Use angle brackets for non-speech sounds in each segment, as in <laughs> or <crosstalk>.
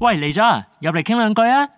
喂，嚟咗啊，入嚟傾兩句啊！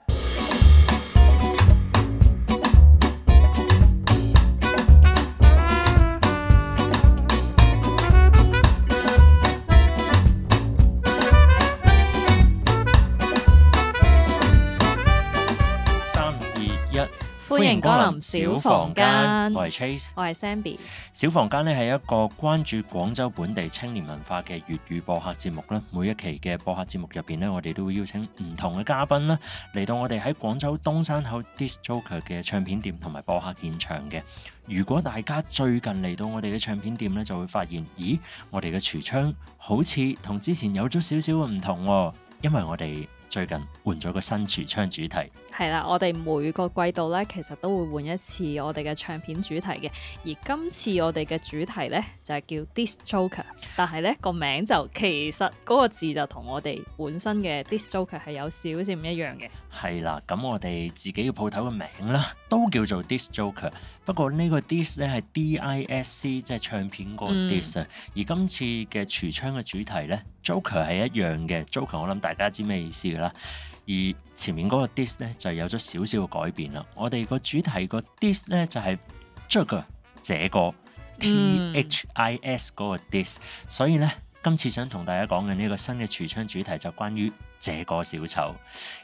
林小房間，我係 Trace，我係 Zenbi 小房間咧係一個關注廣州本地青年文化嘅粵語播客節目啦。每一期嘅播客節目入邊咧，我哋都會邀請唔同嘅嘉賓啦，嚟到我哋喺廣州東山口 DISC JOKER 嘅唱片店同埋播客現場嘅。如果大家最近嚟到我哋嘅唱片店咧，就會發現，咦，我哋嘅櫥窗好似同之前有咗少少嘅唔同哦，因為我哋。最近換咗個新櫥窗主題，係啦，我哋每個季度咧，其實都會換一次我哋嘅唱片主題嘅。而今次我哋嘅主題咧，就係叫 d i s j o k e r，但係咧個名就其實嗰個字就同我哋本身嘅 d i s j o k e r 係有少少唔一樣嘅。係啦，咁我哋自己嘅鋪頭嘅名啦，都叫做 Disc Joker。不過個呢個 Disc 咧係 D I S C，即係唱片個 Disc、嗯。而今次嘅櫥窗嘅主題咧，Joker 係一樣嘅。Joker 我諗大家知咩意思噶啦。而前面嗰個 Disc 咧就有咗少少嘅改變啦。我哋個主題個 Disc 咧就係 Joker，這個 T H I S 嗰個 Disc。所以咧，今次想同大家講嘅呢個新嘅櫥窗主題就關於。這個小丑，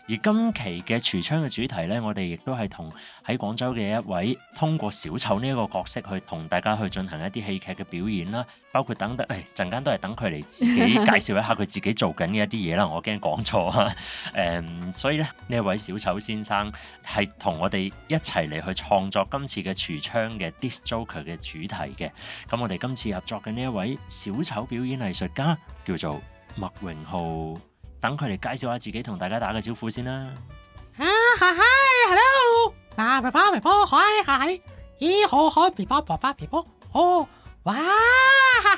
而今期嘅櫥窗嘅主題呢，我哋亦都係同喺廣州嘅一位通過小丑呢一個角色去同大家去進行一啲戲劇嘅表演啦，包括等得誒陣間都係等佢嚟自己介紹一下佢自己做緊嘅一啲嘢啦， <laughs> 我驚講錯啊！誒、 <laughs> um,，所以咧呢一位小丑先生係同我哋一齊嚟去創作今次嘅櫥窗嘅 Disc Joker 嘅主題嘅，咁我哋今次合作嘅呢一位小丑表演藝術家叫做麥榮浩。等佢哋介紹下自己，同大家打個招呼先啦。啊，hi，hello，爸爸爸爸爸爸，hi，hi，咦，好可愛，爸爸爸爸爸爸，哦，哇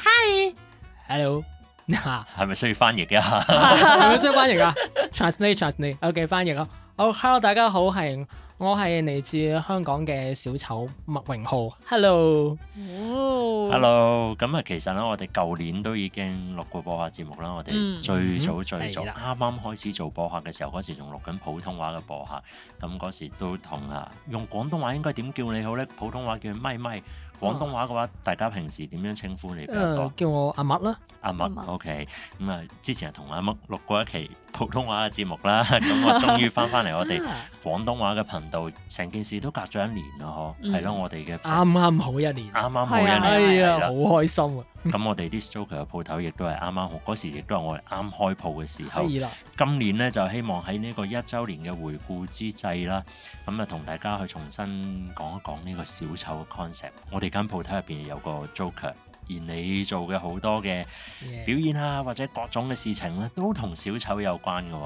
，hi，hello，嚇，係咪需要翻譯噶、啊？係咪需要翻譯噶？Trust me，trust me，OK，翻譯咯。哦，hello，大家好，anyway,，係。我係嚟自香港嘅小丑麥榮浩，Hello，Hello，咁啊，Hello，其實咧，我哋舊年都已經錄過播客節目啦，我哋最早最早啱啱開始做播客嘅時候，嗰時仲錄緊普通話嘅播客，咁嗰時都同啊，用廣東話應該點叫你好呢？普通話叫咪咪。廣東話嘅話，大家平時點樣稱呼你比較多？叫我阿麥啦。阿麥，OK。咁啊，之前係同阿麥錄過一期普通話嘅節目啦。咁我終於返返嚟我哋廣東話嘅頻道，成件事都隔咗一年啦，嗬。係咯，我哋嘅啱啱好一年，啱啱好一年，係啊，好開心啊。咁我哋啲 studio 嘅鋪頭亦都係啱啱好，嗰時亦都係我哋啱開鋪嘅時候。今年呢，就希望喺呢個一週年嘅回顧之際啦，咁啊同大家去重新講一講呢個小丑嘅 concept。我哋。間鋪頭入邊有個 Joker，而你做嘅好多嘅表演啊，或者各種嘅事情咧，都同小丑有關嘅。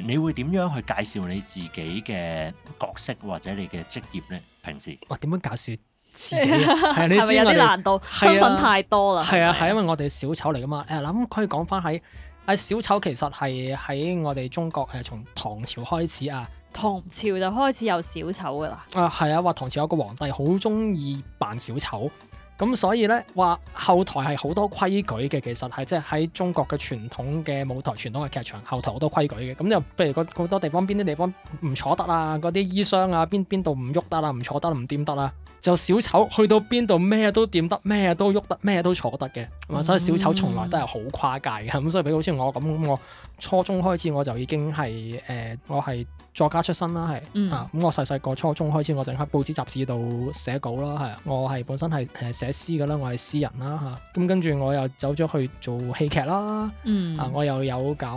誒，你會點樣去介紹你自己嘅角色或者你嘅職業咧？平時，哇、哦，點樣介紹自己？係咪、 <laughs> 啊、 <laughs> 有啲難度？啊 <noise> 啊、身份太多啦。係啊，係因為我哋小丑嚟噶嘛。誒、啊，嗱，咁可以講返喺啊，小丑其實係喺我哋中國係從唐朝開始啊。唐朝就開始有小丑噶啦。啊，係啊，話唐朝有個皇帝好鍾意扮小丑，咁所以咧話後台係好多規矩嘅，其實係即係喺中國嘅傳統嘅舞台、傳統嘅劇場後台好多規矩嘅。咁就譬如好多地方，邊啲地方唔坐得啊，嗰啲衣箱啊，邊邊度唔喐得啊，唔坐得唔掂得啦、啊，就小丑去到邊度咩都掂得，咩都喐得，咩都坐得嘅。咁啊、嗯，所以小丑從來都係好跨界嘅。咁所以，比如好似我咁，我初中開始我就已經係誒、呃，我係。作家出身啦，係嚇，咁我細細個初中開始，我淨喺報紙雜誌度寫稿啦，係我係本身係誒寫詩嘅啦，我係詩人啦嚇。咁、啊、跟住我又走咗去做戲劇啦，嗯、啊我又有搞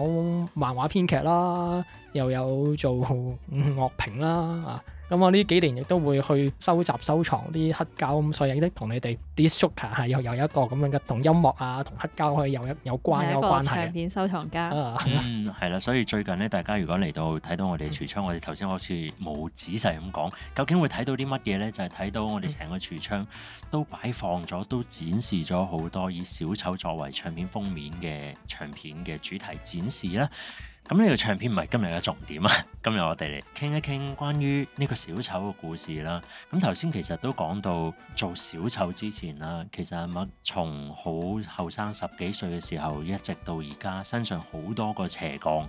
漫畫編劇啦，又有做樂評啦啊。咁我呢幾年亦都會去收集收藏啲黑膠，咁所以呢同你哋 DISC JOKER 又有一個咁樣嘅，同音樂啊同黑膠去以有一有關嘅唱片收藏家。係啦、啊 <laughs> 嗯，所以最近呢，大家如果嚟到睇到我哋嘅櫥窗，我哋頭先好似冇仔細咁講，究竟會睇到啲乜嘢呢？就係、是、睇到我哋成個櫥窗都擺放咗，嗯、都展示咗好多以小丑作為唱片封面嘅唱片嘅主題展示啦。咁呢個唱片唔係今日嘅重點啊，今日我哋嚟傾一傾關於呢個小丑嘅故事啦。咁頭先其實都講到做小丑之前啦，其實阿麥從好後生十幾歲嘅時候，一直到而家身上好多個斜槓，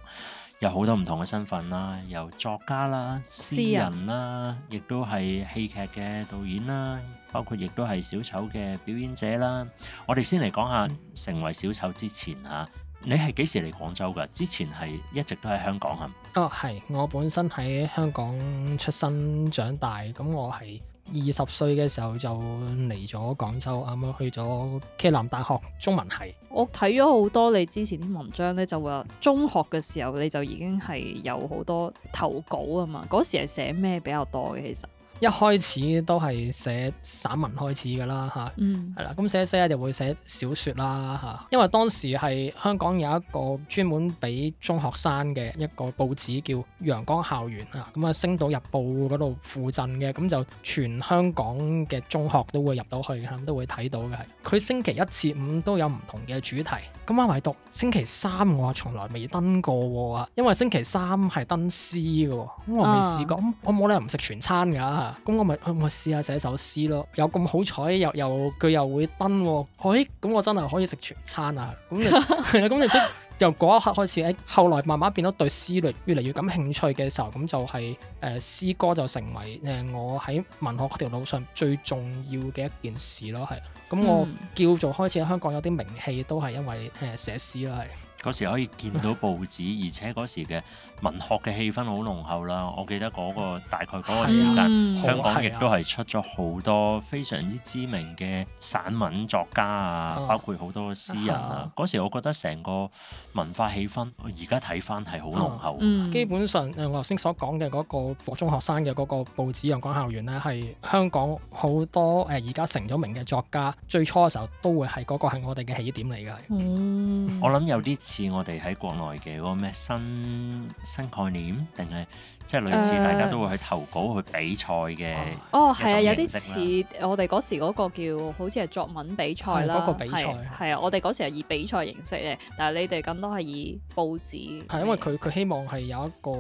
有好多唔同嘅身份啦，由作家啦、詩人啦，亦都係戲劇嘅導演啦，包括亦都係小丑嘅表演者啦。我哋先嚟講下成為小丑之前吓。嗯你係幾時嚟廣州嘅？之前係一直都喺香港係嗎？哦，係，我本身喺香港出生長大，咁我係二十歲嘅時候就嚟咗廣州，啱啱去咗暨南大學中文系。我睇咗好多你之前啲文章咧，就話中學嘅時候你就已經係有好多投稿啊嘛，嗰時係寫咩比較多嘅其實？一開始都係寫散文開始嘅啦嚇，係啦，咁、嗯、寫一寫就會寫小説啦嚇，因為當時係香港有一個專門俾中學生嘅一個報紙叫《陽光校園》啊，咁、嗯、啊《升島日報》嗰度附鎮嘅，咁就全香港嘅中學都會入到去嘅，咁、嗯、都會睇到嘅係。佢、嗯、星期一至五都有唔同嘅主題，今、啊、晚、啊、唯獨星期三我從來未登過喎、啊，因為星期三係登詩嘅，咁我未試過，啊、我冇理由唔食全餐㗎、啊？咁我咪去咪試下寫首詩咯，有咁好彩又又佢又，又會登，哎、哦、咁、欸、我真係可以食全餐啊！咁你咁 <laughs> 你即由嗰一刻開始，哎後來慢慢變咗對詩律越嚟越感興趣嘅時候，咁就係誒詩歌就成為誒我喺文學嗰條路上最重要嘅一件事咯，係。咁我叫做開始喺香港有啲名氣都係因為誒寫詩啦，係嗰時可以見到報紙，而且嗰時嘅。 <laughs> 文學嘅氣氛好濃厚啦！我記得嗰、嗰個大概嗰個時間，嗯、香港亦都係出咗好多非常之知名嘅散文作家啊，包括好多詩人啊。嗰時我覺得成個文化氣氛，而家睇返係好濃厚。嗯、基本上誒，我頭先所講嘅嗰個火中學生嘅嗰個報紙陽光校園呢，係香港好多誒而家成咗名嘅作家，最初嘅時候都會係嗰、嗰個係我哋嘅起點嚟嘅。嗯，我諗有啲似我哋喺國內嘅嗰個咩新。.新概念定係即係類似，大家都會去投稿去比賽嘅。Uh，哦，係啊，有啲似我哋嗰時嗰個叫，好似係作文比賽啦。嗰、啊嗰個比賽係啊，啊，我哋嗰時係以比賽形式嘅，但係你哋更多係以報紙。係、啊、因為佢佢希望係有一個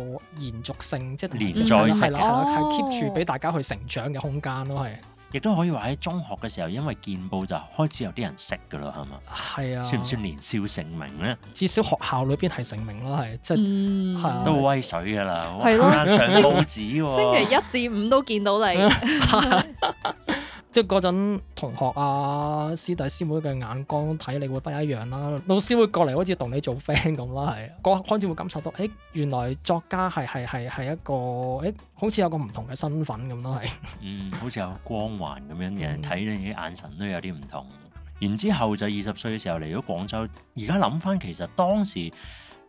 延續性，即係連載性，係 keep 住俾大家去成長嘅空間咯，係、哦。亦都可以話喺中學嘅時候，因為見報就開始有啲人識噶啦，係嘛？係啊，算唔算年少成名咧？至少學校裏邊係成名咯，係，都好威水噶啦，哇！啊、上報紙、啊， <laughs> 星期一至五都見到你，即係嗰陣同學啊、師弟師妹嘅眼光睇你會不一樣啦、啊。老師會過嚟好似同你做 friend 咁啦，係，開始會感受到，誒、欸，原來作家係係係係一個，誒、欸，好似有個唔同嘅身份咁咯，係， <laughs> <laughs> 嗯，好似有光咁樣嘅睇你啲眼神都有啲唔同，然之後就二十歲嘅時候嚟咗廣州。而家諗翻，其實當時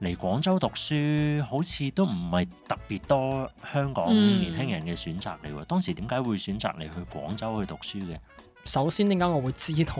嚟廣州讀書好似都唔係特別多香港年輕人嘅選擇嚟喎。嗯、當時點解會選擇嚟去廣州去讀書嘅？首先，點解我會知道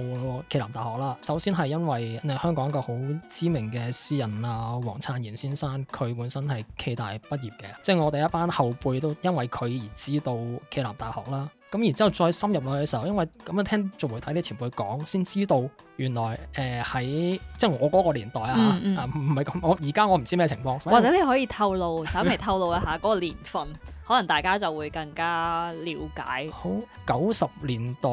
暨南大學啦？首先係因為誒香港一個好知名嘅詩人啊，黃燦賢先生，佢本身係暨大畢業嘅，即係我哋一班後輩都因為佢而知道暨南大學啦。咁然之後再深入落去嘅時候，因為咁樣聽做媒體啲前輩講，先知道原來誒喺、呃、即係我嗰個年代嗯嗯啊，啊唔係咁，我而家我唔知咩情況。或者你可以透露， <laughs> 稍微透露一下嗰個年份，可能大家就會更加了解。好，九十年代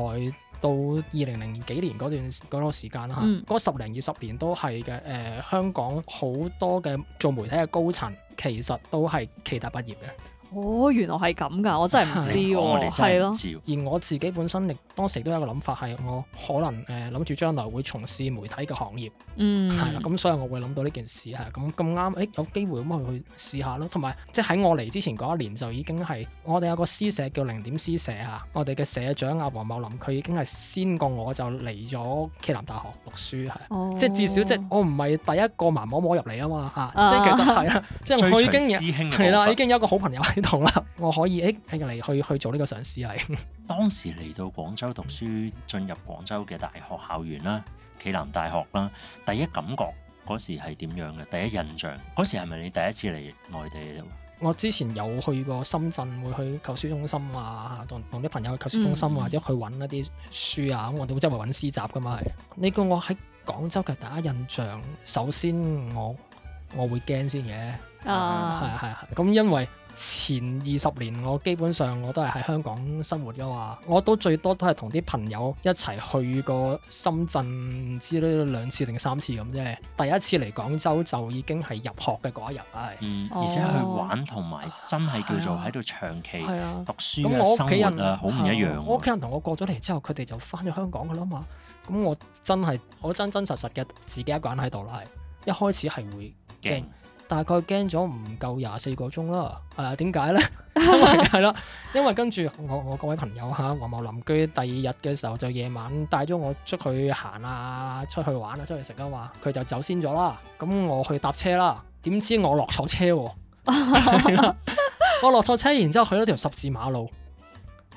到二零零幾年嗰段嗰個時間啦，嚇、嗯，嗰十零二十年都係嘅。誒、呃，香港好多嘅做媒體嘅高層其實都係暨大畢業嘅。哦，原來係咁噶，我真係唔知喎、啊，係咯、哦。你真而我自己本身亦當時都有一個諗法係，我可能誒諗住將來會從事媒體嘅行業，嗯，係啦。咁、嗯、所以我會諗到呢件事係咁，咁啱，誒有機會咁去試下咯。同埋即係喺我嚟之前嗰一年就已經係，我哋有個詩社叫零點詩社嚇，我哋嘅社長阿黃茂林佢已經係先過我就嚟咗暨南大學讀書係、哦，即係至少即係我唔係第一個盲摸摸入嚟啊嘛嚇，即係其實係啦，即係我已經係啦，已經有一個好朋友喺。同啦， <laughs> 我可以誒，嚟去去做呢個嘗試嚟。 <laughs> 當時嚟到廣州讀書，進入廣州嘅大學校園啦，暨南大學啦，第一感覺嗰時係點樣嘅？第一印象嗰時係咪你第一次嚟內地嚟？我之前有去過深圳，會去購書中心啊，同同啲朋友去購書中心，中心嗯、或者去揾一啲書啊。我哋會周圍揾詩集噶嘛。你叫我我喺廣州嘅第一印象，首先我我會驚先嘅啊，係啊係啊，咁因為。前二十年我基本上我都係喺香港生活噶嘛，我都最多都係同啲朋友一齊去過深圳，唔知咧兩次定三次咁啫。第一次嚟廣州就已經係入學嘅嗰一日啦，嗯哦、而且去玩同埋真係叫做喺度長期讀書嘅屋企人好唔、啊、的一樣。我屋企人同我過咗嚟之後，佢哋就返咗香港噶啦嘛。咁我真係我真真實實嘅自己一個人喺度咯，係一開始係會驚。大概驚咗唔夠廿四個鐘啦，係啊，點解咧？係啦，因為， <laughs> 因為跟住我我，我各位朋友吓，我某鄰居第二日嘅時候就夜晚帶咗我出去行啊，出去玩啊，出去食啊嘛，佢就先走先咗啦。咁我去搭車啦，點知我落錯車喎？我落錯車，然之後去咗條十字馬路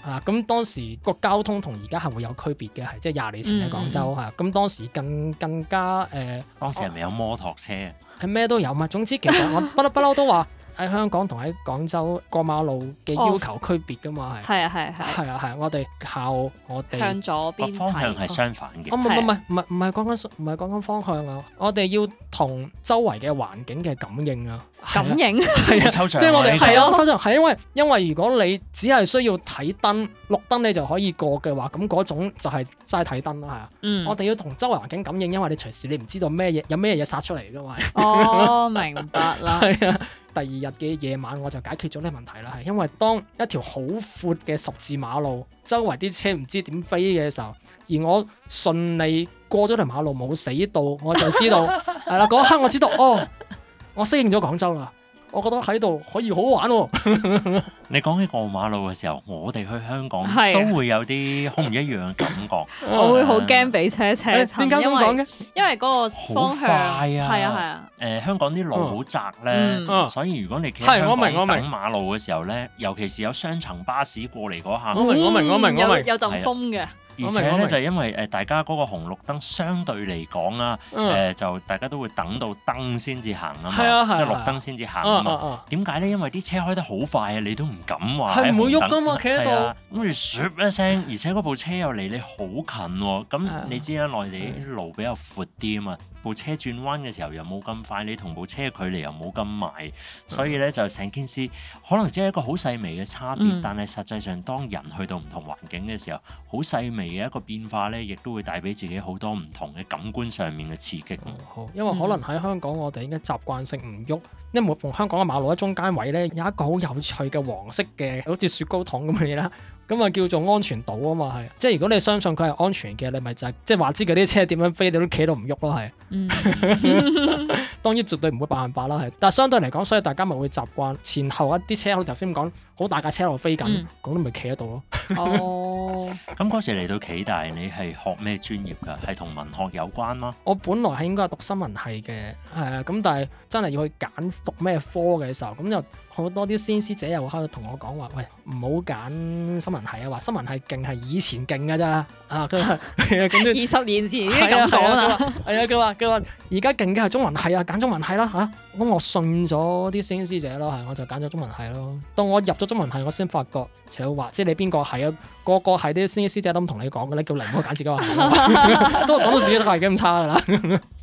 啊。咁當時個交通同而家係會有區別嘅，係即係廿年前嘅廣州吓。咁、嗯啊、當時更更加誒，呃、當時係咪有摩托車？係，咩都有嘛。總之其實我不嬲不嬲都說喺香港同喺廣州過馬路嘅要求區別噶嘛，係係啊係係啊係。我哋靠我哋向左邊，方向係相反嘅。哦唔唔唔唔唔係講緊唔係講緊方向啊。我哋要同周圍嘅環境嘅感應啊，感應係啊，即係我哋係啊，係因為因為如果你只係需要睇燈，綠燈你就可以過嘅話，咁嗰種就係齋睇燈啦，係啊。我哋要同周圍環境感應，因為你隨時你唔知道咩嘢有咩嘢殺出嚟噶嘛。哦，明白啦。係啊。第二日嘅夜晚我就解決咗呢個問題啦，係因為當一條好闊嘅十字馬路周圍啲車唔知點飛嘅時候，而我順利過咗條馬路冇死到，我就知道，係啦，嗰一刻我知道哦，我適應咗廣州啦。我覺得喺度可以好玩喎、哦！ <laughs> 你講起過馬路嘅時候，我哋去香港都會有啲好唔一樣嘅感覺。我會好驚俾車車擦。點解咁講嘅？因為嗰個方向快啊，係啊。誒、啊，香港啲路好窄咧，啊啊嗯、所以如果你其實、啊、我明我明。等馬路嘅時候咧，尤其是有雙層巴士過嚟下、嗯，我明我明我明我明，有陣風嘅。而且咧就係因為誒大家嗰個紅綠燈相對嚟講啦，誒、嗯呃、就大家都會等到燈先至行啊嘛，啊啊即係綠燈先至行啊嘛，點解咧？因為啲車開得好快啊，你都唔敢話係唔會喐㗎嘛，企喺度，咁住唰一聲，嗯、而且嗰部車又離你好近喎、啊，咁你知啦、啊，嗯、內地啲路比較闊啲啊嘛。部車轉彎嘅時候又冇咁快，你同部車距離又冇咁埋，所以呢就成件事可能只係一個好細微嘅差別，嗯、但係實際上當人去到唔同環境嘅時候，好細微嘅一個變化呢，亦都會帶俾自己好多唔同嘅感官上面嘅刺激。嗯嗯、好、因為可能喺香港我哋應該習慣性唔喐，因為每逢香港嘅馬路喺中間位呢，有一個好有趣嘅黃色嘅，好似雪糕筒咁嘅嘢啦。咁啊，叫做安全島啊嘛，係，即係如果你相信佢係安全嘅，你咪就係、是、即係話知佢啲車點樣飛，你都企到唔喐咯係。 <laughs> <laughs> 當然絕對唔會百分百啦，係，但係相對嚟講，所以大家咪會習慣前後一啲車，好似頭先講好大架車喺度飛緊，咁都咪企喺度咯。 <laughs> 哦，咁嗰時嚟到暨大你，你係學咩專業噶？係同文學有關嗎？我本來係應該係讀新聞系嘅，係啊，咁但係真係要去揀讀咩科嘅時候，咁就好多啲先師姐又喺度同我講話，喂，唔好揀新聞系啊，話新聞系勁係以前勁嘅啫，啊，佢話係，二 <laughs> 十年前已經咁講啦，係啊， <laughs> 佢話佢話而家勁嘅係中文系啊，揀。中文係啦吓，咁、啊、我信咗啲師兄師姐咯，係我就揀咗中文係咯。到我入咗中文係，我先發覺，徐華，即係你邊個係啊？個個係啲師兄師姐都唔同你講嘅咧，你叫嚟唔好揀自己話， <laughs> <laughs> 都係講到自己都係咁差噶啦。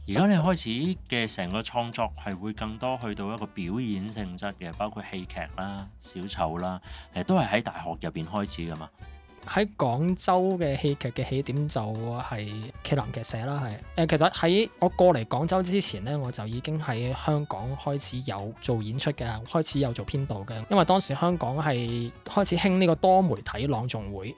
而 <laughs> 家你開始嘅成個創作係會更多去到一個表演性質嘅，包括戲劇啦、小丑啦，係都係喺大學入邊開始噶嘛。喺廣州嘅戲劇嘅起點就係暨南劇社啦，係誒。其實喺我過嚟廣州之前咧，我就已經喺香港開始有做演出嘅，開始有做編導嘅。因為當時香港係開始興呢個多媒體朗誦會，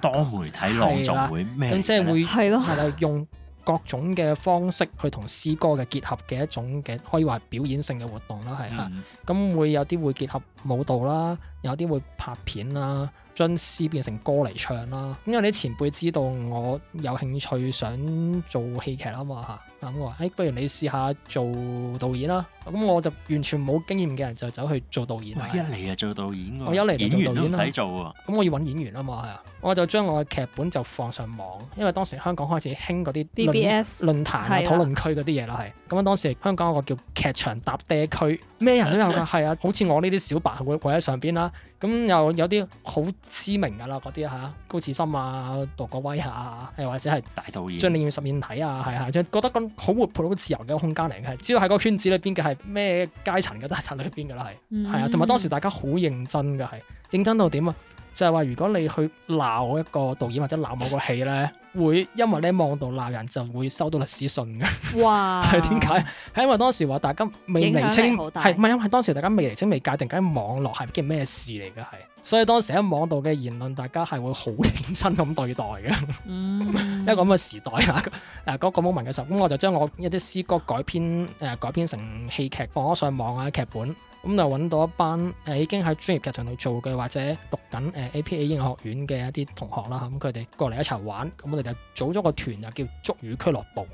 多媒體朗誦會咩咧？即係會，係咯那，係啦的的，用各種嘅方式去同詩歌嘅結合嘅一種嘅，可以話表演性嘅活動啦。係啊。咁、嗯、會有啲會結合舞蹈啦，有啲會拍片啦。將詩變成歌嚟唱啦，因為啲前輩知道我有興趣想做戲劇啊嘛嚇。咁我誒，不如你試下做導演啦。咁我就完全冇經驗嘅人就走去做導演。啊、是一嚟就做導演，我一嚟做導演都唔使做喎。咁我要揾演員啊嘛。我就將我嘅劇本就放上網，因為當時香港開始興嗰啲 BBS 論壇啊、討論區嗰啲嘢啦。係咁啊，當時香港有個叫劇場搭爹區，咩人都有㗎。係啊， <laughs> 好似我呢啲小白會喺上邊啦。咁又有啲好知名㗎啦，嗰啲嚇高志森啊、杜國威啊，係或者係大導演榮念曾、進念二十面體啊，係啊，即覺得好活潑、好自由嘅一個空間嚟嘅，只要喺個圈子裏邊嘅係咩階層嘅都係喺裏邊嘅啦，係，係啊、嗯，同埋當時大家好認真嘅，係認真到點啊？就係話，如果你去鬧一個導演或者鬧某個戲咧， <laughs> 會因為咧網度鬧人就會收到律師信嘅。哇！係點解？係因為當時話大家未釐清，係唔係因為當時大家未釐清、未界定緊網絡係件咩事嚟嘅？係。所以當時喺網度嘅言論，大家係會好認真咁對待嘅。嗯、 <laughs> 一個咁嘅時代啦，誒、那、嗰個 moment 嘅時候，咁我就將我一啲詩歌改編，誒、呃、改編成戲劇放咗上網啊劇本。咁就揾到一班誒已經喺專業劇團度做嘅，或者讀緊誒 APA 英語學院嘅一啲同學啦嚇，咁佢哋過嚟一齊玩，咁我哋就組咗個團，就叫捉魚俱樂部。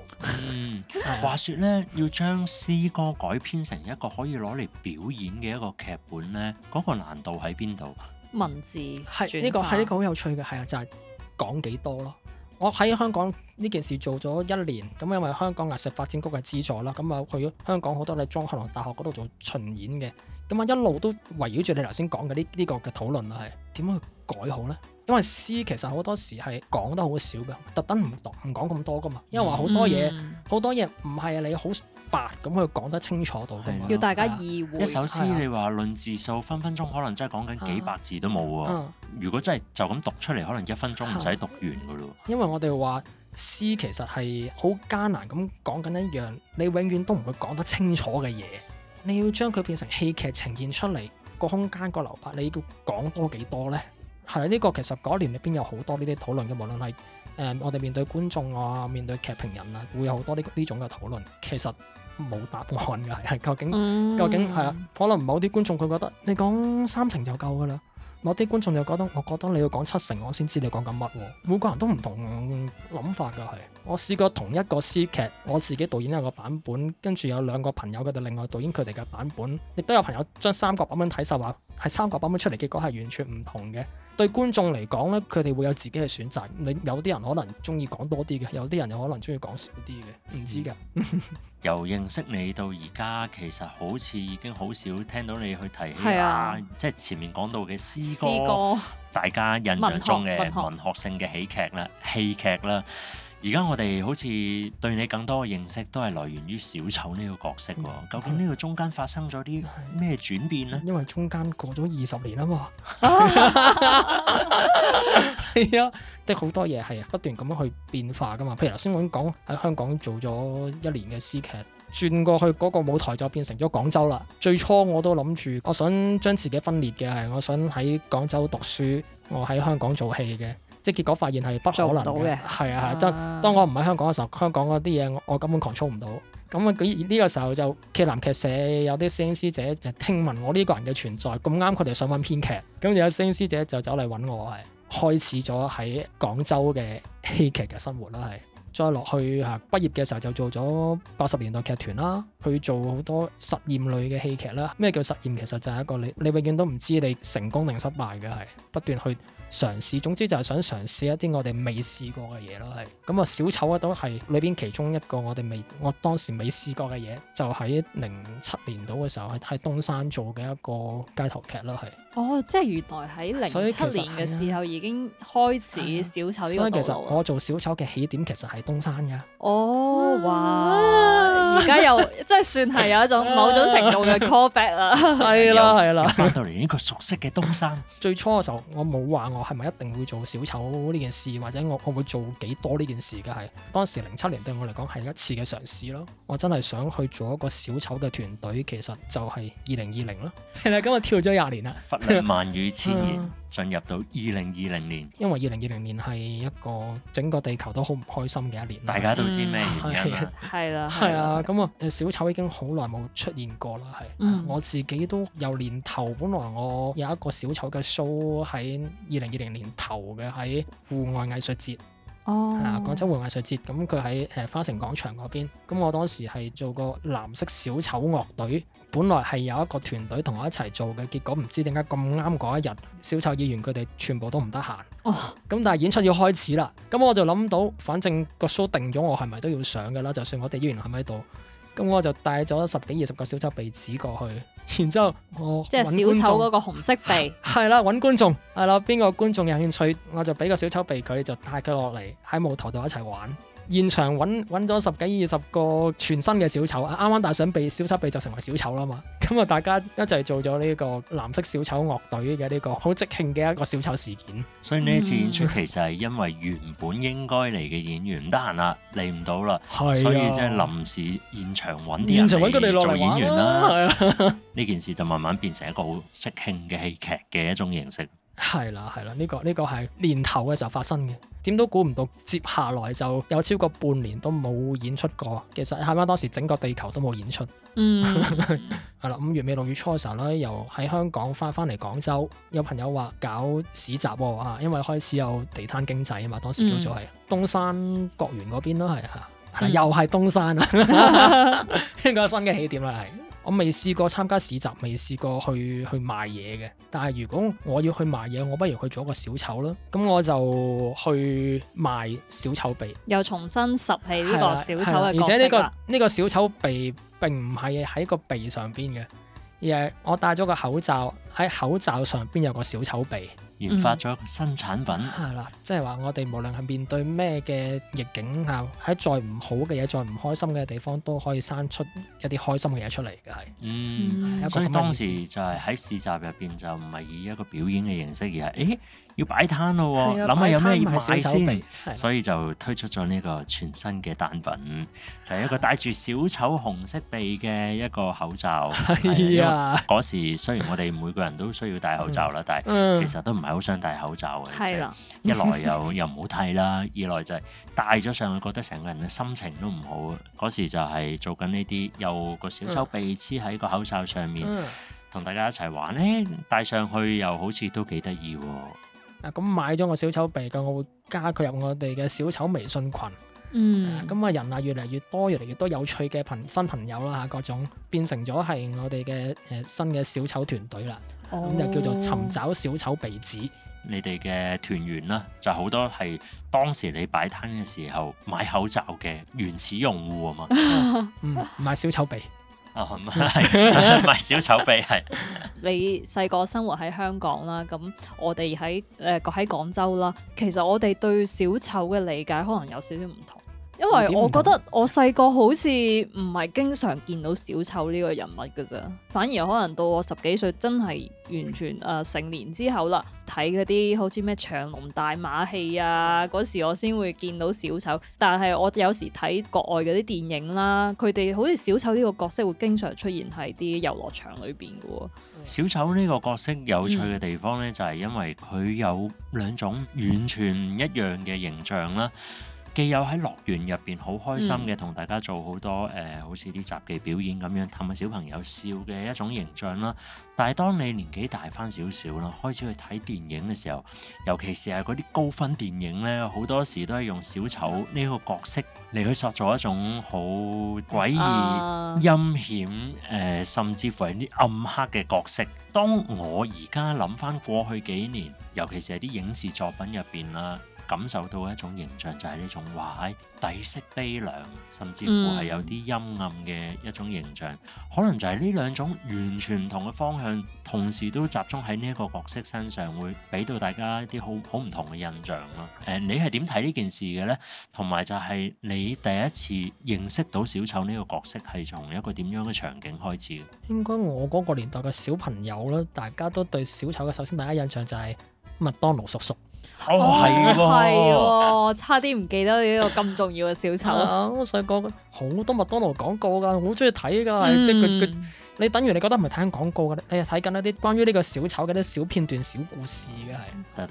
嗯，話説咧，要將詩歌改編成一個可以攞嚟表演嘅一個劇本咧，嗰、那個難度喺邊度？文字係呢、這個係呢、這個好有趣嘅，係啊，就係、是、講幾多咯。我喺香港呢件事做咗一年，咁因為香港藝術發展局嘅資助啦，咁啊去香港好多嘅中學同大學嗰度做巡演嘅，咁啊一路都圍繞住你頭先講嘅呢呢個嘅討論啊，係點樣去改好呢？因為詩其實好多時係講得好少嘅，特登唔講唔講咁多噶嘛，因為話好多嘢好、嗯、哼多嘢唔係你好。咁去講得清楚到，的要大家意會、啊、一首詩，的你話論字數，分分鐘可能真係講緊幾百字都冇喎。啊、如果真係就咁讀出嚟，可能一分鐘唔使讀完噶咯、嗯。因為我哋話詩其實係好艱難咁講緊一樣，你永遠都唔會講得清楚嘅嘢。你要將佢變成戲劇呈現出嚟個空間個留白，你要講多幾多呢？係呢、呢個其實嗰年入邊有好多呢啲討論嘅，無論係誒、呃、我哋面對觀眾啊，面對劇評人啊，會有好多呢呢種嘅討論。其實。冇答案㗎，係究竟、嗯、究竟係啊？可能某啲觀眾佢覺得你講三成就夠㗎啦，某啲觀眾就覺得我覺得你要講七成，我先知你講緊乜喎。每個人都唔同諗法㗎，係。我試過同一個詩劇，我自己導演有一個版本，跟住有兩個朋友嘅另外導演佢哋嘅版本，亦都有朋友將三個版本睇晒話，係三個版本出嚟結果係完全唔同嘅。對觀眾嚟講咧，佢哋會有自己嘅選擇。你有啲人可能中意講多啲嘅，有啲人可能中意講少啲嘅，唔知㗎、嗯。 <laughs> 由認識你到而家，其實好似已經好少聽到你去提起啊，即係前面講到嘅詩歌，詩歌，大家印象中嘅文學性嘅喜劇學啦，戲劇啦。而家我哋好似對你更多嘅認識都係來源於小丑呢個角色喎，嗯、究竟呢個中間發生咗啲咩轉變呢？因為中間過咗二十年啊嘛，係啊，即好多嘢係不斷咁樣去變化㗎嘛。譬如頭先我講喺香港做咗一年嘅詩劇，轉過去嗰個舞台就變成咗廣州啦。最初我都諗住，我想將自己分裂嘅係，我想喺廣州讀書，我喺香港做戲嘅。即係結果發現係不可能嘅，係的啊係。當當我唔喺香港嘅時候，香港嗰啲嘢我我根本 control 唔到。咁啊，佢呢個時候就暨南劇社有啲新師姐就聽聞我呢個人嘅存在，咁啱佢哋想揾編劇，咁就有新師姐就走嚟揾我，係開始咗喺廣州嘅戲劇嘅生活啦係。再落去嚇畢業嘅時候就做咗八十年代劇團啦，去做好多實驗類嘅戲劇啦。咩叫實驗？其實就係一個你你永遠都唔知你成功定失敗嘅，係不斷去。嘗試，總之就係想嘗試一啲我哋未試過嘅嘢囉，係咁啊，小丑啊都係裏面其中一個我哋未，我當時未試過嘅嘢，就喺零七年度嘅時候喺東山做嘅一個街頭劇囉，係。哦，即係原來喺零七年嘅時候已經開始小丑呢個，所以其實我做小丑嘅起點其實係東山嘅。哦，哇，而家、啊、又即係 <laughs> 算係有一種某種程度嘅 call back 啦。係啦， <laughs> 係啦，翻到嚟呢個熟悉嘅東山。 <laughs> 最初嘅時候，我冇話我係咪一定會做小丑呢件事，或者我我會做幾多呢件事嘅係。當時零七年對我嚟講係一次嘅嘗試咯。我真係想去做一個小丑嘅團隊，其實就係二零二零咯。係啦， <laughs> 咁我跳咗廿年啦。萬語千言，進入到二零二零年，因為二零二零年係一個整個地球都好唔開心嘅一年，大家都知咩原因啦？係啦 <laughs> 吧，係啊 <laughs> ，咁啊，小丑已經好耐冇出現過啦，係。 <laughs> 我自己都有年頭，本來我有一個小丑嘅 show 喺二零二零年頭嘅喺戶外藝術節。哦，係啊！廣州會藝術節，咁佢喺誒花城廣場嗰邊。咁我當時係做個藍色小丑樂隊，本來係有一個團隊同我一齊做嘅，結果唔知點解咁啱嗰一日，小丑演員佢哋全部都唔得閒。哦，咁但係演出要開始啦，咁我就諗到，反正個 show 定咗，我係咪都要上㗎啦？就算我哋演員係咪喺度，咁我就帶咗十幾二十個小丑鼻子過去。然之後我揾，我即係小丑嗰個紅色鼻，係啦， <laughs> 揾觀眾係啦，邊個觀眾有興趣，我就俾個小丑鼻佢，佢就帶佢落嚟喺舞台度一齊玩。現場揾揾咗十幾二十個全新嘅小丑，啱啱戴上鼻小丑鼻就成為小丑啦嘛！咁啊，大家一齊做咗呢個藍色小丑樂隊嘅呢、呢個好即興嘅一個小丑事件。所以呢次演出其實係因為原本應該嚟嘅演員唔得閒啦，嚟唔到啦，了了啊、所以即係臨時現場揾啲人嚟做演員啦。呢、啊、件事就慢慢變成一個好即興嘅戲劇嘅一種形式。係啦，係啦，呢、這個呢、這個係年頭嘅時候發生嘅，點都估唔到接下來就有超過半年都冇演出過。其實係咪當時整個地球都冇演出？嗯，係啦， <laughs> 五月尾六月初嘅時候咧，又喺香港翻翻嚟廣州，有朋友話搞市集啊，因為開始有地攤經濟啊嘛。當時叫做係、嗯、東山國園嗰邊咯，係吓，嗯、又係東山啊，一 <laughs> 個新嘅起點啦、就是，係。我未試過參加市集，未試過去去賣嘢嘅。但係如果我要去賣嘢，我不如去做一個小丑啦。咁我就去賣小丑鼻，又重新拾起呢個小丑嘅角色啦、啊啊、而且呢、呢個呢、呢個小丑鼻並唔係喺個鼻上邊嘅，而係我戴咗個口罩，喺口罩上邊有個小丑鼻。研發咗一個新產品係啦，即係話我哋無論係面對咩嘅逆境啊，喺再唔好嘅嘢，再唔開心嘅地方，都可以生出一啲開心嘅嘢出嚟嘅係。一個嗯，所以當時就係喺市集入邊就唔係以一個表演嘅形式而，而係誒。要擺攤咯，諗下有咩要買先，所以就推出咗呢個全新嘅單品，就係一個戴住小丑紅色鼻嘅一個口罩。係啊，嗰時雖然我哋每個人都需要戴口罩啦，但係其實都唔係好想戴口罩嘅。一來又又唔好睇啦，二來就係戴咗上去覺得成個人嘅心情都唔好。嗰時就係做緊呢啲，又個小丑鼻黐喺個口罩上面，同大家一齊玩咧，戴上去又好似都幾得意喎。咁買咗個小丑鼻，咁我會加佢入我哋嘅小丑微信群。嗯。咁啊，人啊越嚟越多，越嚟越多有趣嘅朋新朋友啦，各種變成咗係我哋嘅誒新嘅小丑團隊啦。咁就、哦、叫做尋找小丑鼻子。你哋嘅團員啦，就好多係當時你擺攤嘅時候買口罩嘅原始用戶啊嘛。嗯， <laughs> 嗯，買小丑鼻。哦，唔係唔係，小丑鼻係 <laughs> <laughs> 你細個生活喺香港啦，咁我哋喺誒喺廣州啦，其實我哋對小丑嘅理解可能有少少唔同。因為我覺得我細個好似唔係經常見到小丑呢個人物噶咋，反而可能到我十幾歲真係完全誒、嗯呃、成年之後啦，睇嗰啲好似咩長隆大馬戲啊嗰時我先會見到小丑，但係我有時睇國外嗰啲電影啦，佢哋好似小丑呢個角色會經常出現喺啲遊樂場裏邊噶。嗯、小丑呢個角色有趣嘅地方呢，就係、是、因為佢有兩種完全唔一樣嘅形象啦。既有喺樂園入邊好開心嘅同、嗯、大家做好多誒、呃，好似啲雜技表演咁樣氹下小朋友笑嘅一種形象啦。但係當你年紀大翻少少啦，開始去睇電影嘅時候，尤其是係嗰啲高分電影呢，好多時都係用小丑呢個角色嚟去塑造一種好詭異、啊、陰險誒、呃，甚至乎係啲暗黑嘅角色。當我而家諗翻過去幾年，尤其是係啲影視作品入邊啦。感受到一種形象就係呢種壞、底色悲涼，甚至乎係有啲陰暗嘅一種形象，嗯、可能就係呢兩種完全唔同嘅方向，同時都集中喺呢一個角色身上，會俾到大家一啲好好唔同嘅印象咯。誒、呃，你係點睇呢件事嘅呢？同埋就係你第一次認識到小丑呢個角色，係從一個點樣嘅場景開始嘅？應該我嗰個年代嘅小朋友咧，大家都對小丑嘅首先第一印象就係麥當勞叔叔。哦，係喎，差啲唔記得呢個咁重要嘅小丑、 <laughs> 啊。我想講好多麥當勞廣告噶，好中意睇噶，係、嗯、即係佢。你等於你覺得唔係睇緊廣告嘅咧，你係睇緊一啲關於呢個小丑嘅啲小片段、小故事嘅係。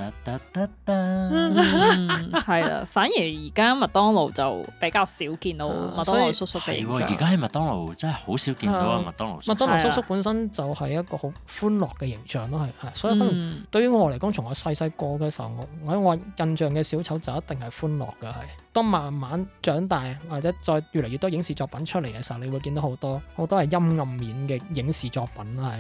係啦、嗯， <laughs> 反而而家麥當勞就比較少見到麥當勞叔叔哋喎，而家喺麥當勞真係好少見到麥當勞叔叔。麥當勞叔叔本身就係一個好歡樂嘅形象咯，係，係。所以可能對於我嚟講，從我細細個嘅時候，我喺我印象嘅小丑就一定係歡樂嘅係。當慢慢長大，或者再越嚟越多影視作品出嚟嘅時候，你會見到好多好多係陰暗面嘅影視作品啦。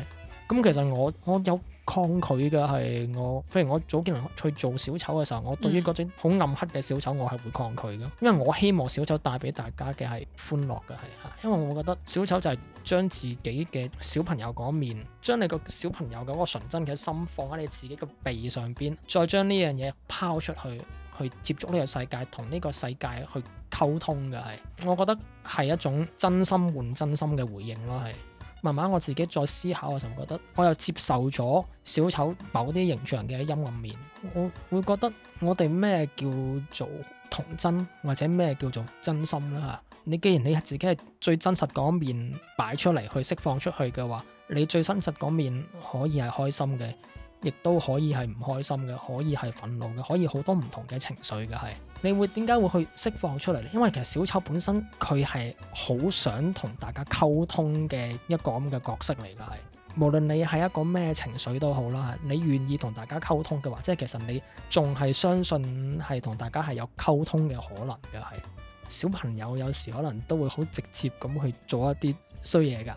係，咁其實我我有抗拒嘅係我，譬如我早幾年去做小丑嘅時候，我對於嗰種好暗黑嘅小丑，我係會抗拒嘅，因為我希望小丑帶俾大家嘅係歡樂嘅係嚇，因為我覺得小丑就係將自己嘅小朋友嗰面，將你個小朋友嗰個純真嘅心放喺你自己個鼻上邊，再將呢樣嘢拋出去。去接觸呢個世界，同呢個世界去溝通嘅係，我覺得係一種真心換真心嘅回應咯。係慢慢我自己再思考，我就覺得我又接受咗小丑某啲形象嘅陰暗面。我會覺得我哋咩叫做童真，或者咩叫做真心啦。你既然你自己係最真實嗰面擺出嚟去釋放出去嘅話，你最真實嗰面可以係開心嘅。亦都可以係唔開心嘅，可以係憤怒嘅，可以好多唔同嘅情緒嘅係。你會點解會去釋放出嚟呢？因為其實小丑本身佢係好想同大家溝通嘅一個咁嘅角色嚟㗎係。無論你係一個咩情緒都好啦，你願意同大家溝通嘅話，即係其實你仲係相信係同大家係有溝通嘅可能嘅。係。小朋友有時可能都會好直接咁去做一啲衰嘢㗎。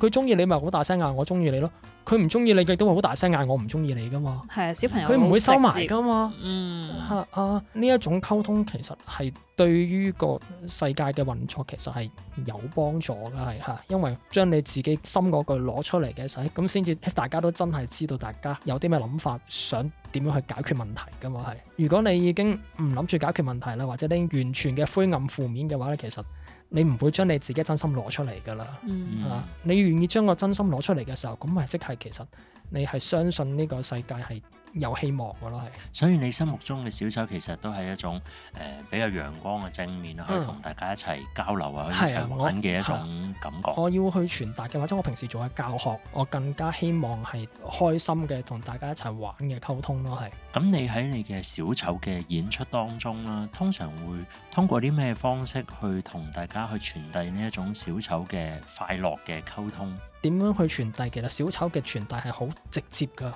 佢中意你，咪好大聲嗌我中意你咯，佢唔中意你，亦都好大聲嗌我唔中意你噶嘛。係，小朋友唔會收埋噶嘛。嗯。嚇啊！呢、啊、一種溝通其實係對於個世界嘅運作其實係有幫助嘅係嚇，因為將你自己心嗰句攞出嚟嘅時，咁先至大家都真係知道大家有啲咩諗法，想點樣去解決問題噶嘛係。如果你已經唔諗住解決問題啦，或者你完全嘅灰暗負面嘅話咧，其實～你唔會將你自己真心攞出嚟㗎啦，嚇！你願意將個真心攞出嚟嘅時候，咁咪即係其實你係相信呢個世界係有希望嘅咯，係。所以你心目中嘅小丑其實都係一種誒、呃、比較陽光嘅正面啦，去同、嗯、大家一齊交流啊，去一齊玩嘅一種感覺。我、啊、我要去傳達嘅，或者我平時做嘅教學，我更加希望係開心嘅，同大家一齊玩嘅溝通咯，係。咁你喺你嘅小丑嘅演出當中啦，通常會通過啲咩方式去同大家去傳遞呢一種小丑嘅快樂嘅溝通？點樣去傳遞？其實小丑嘅傳遞係好直接㗎。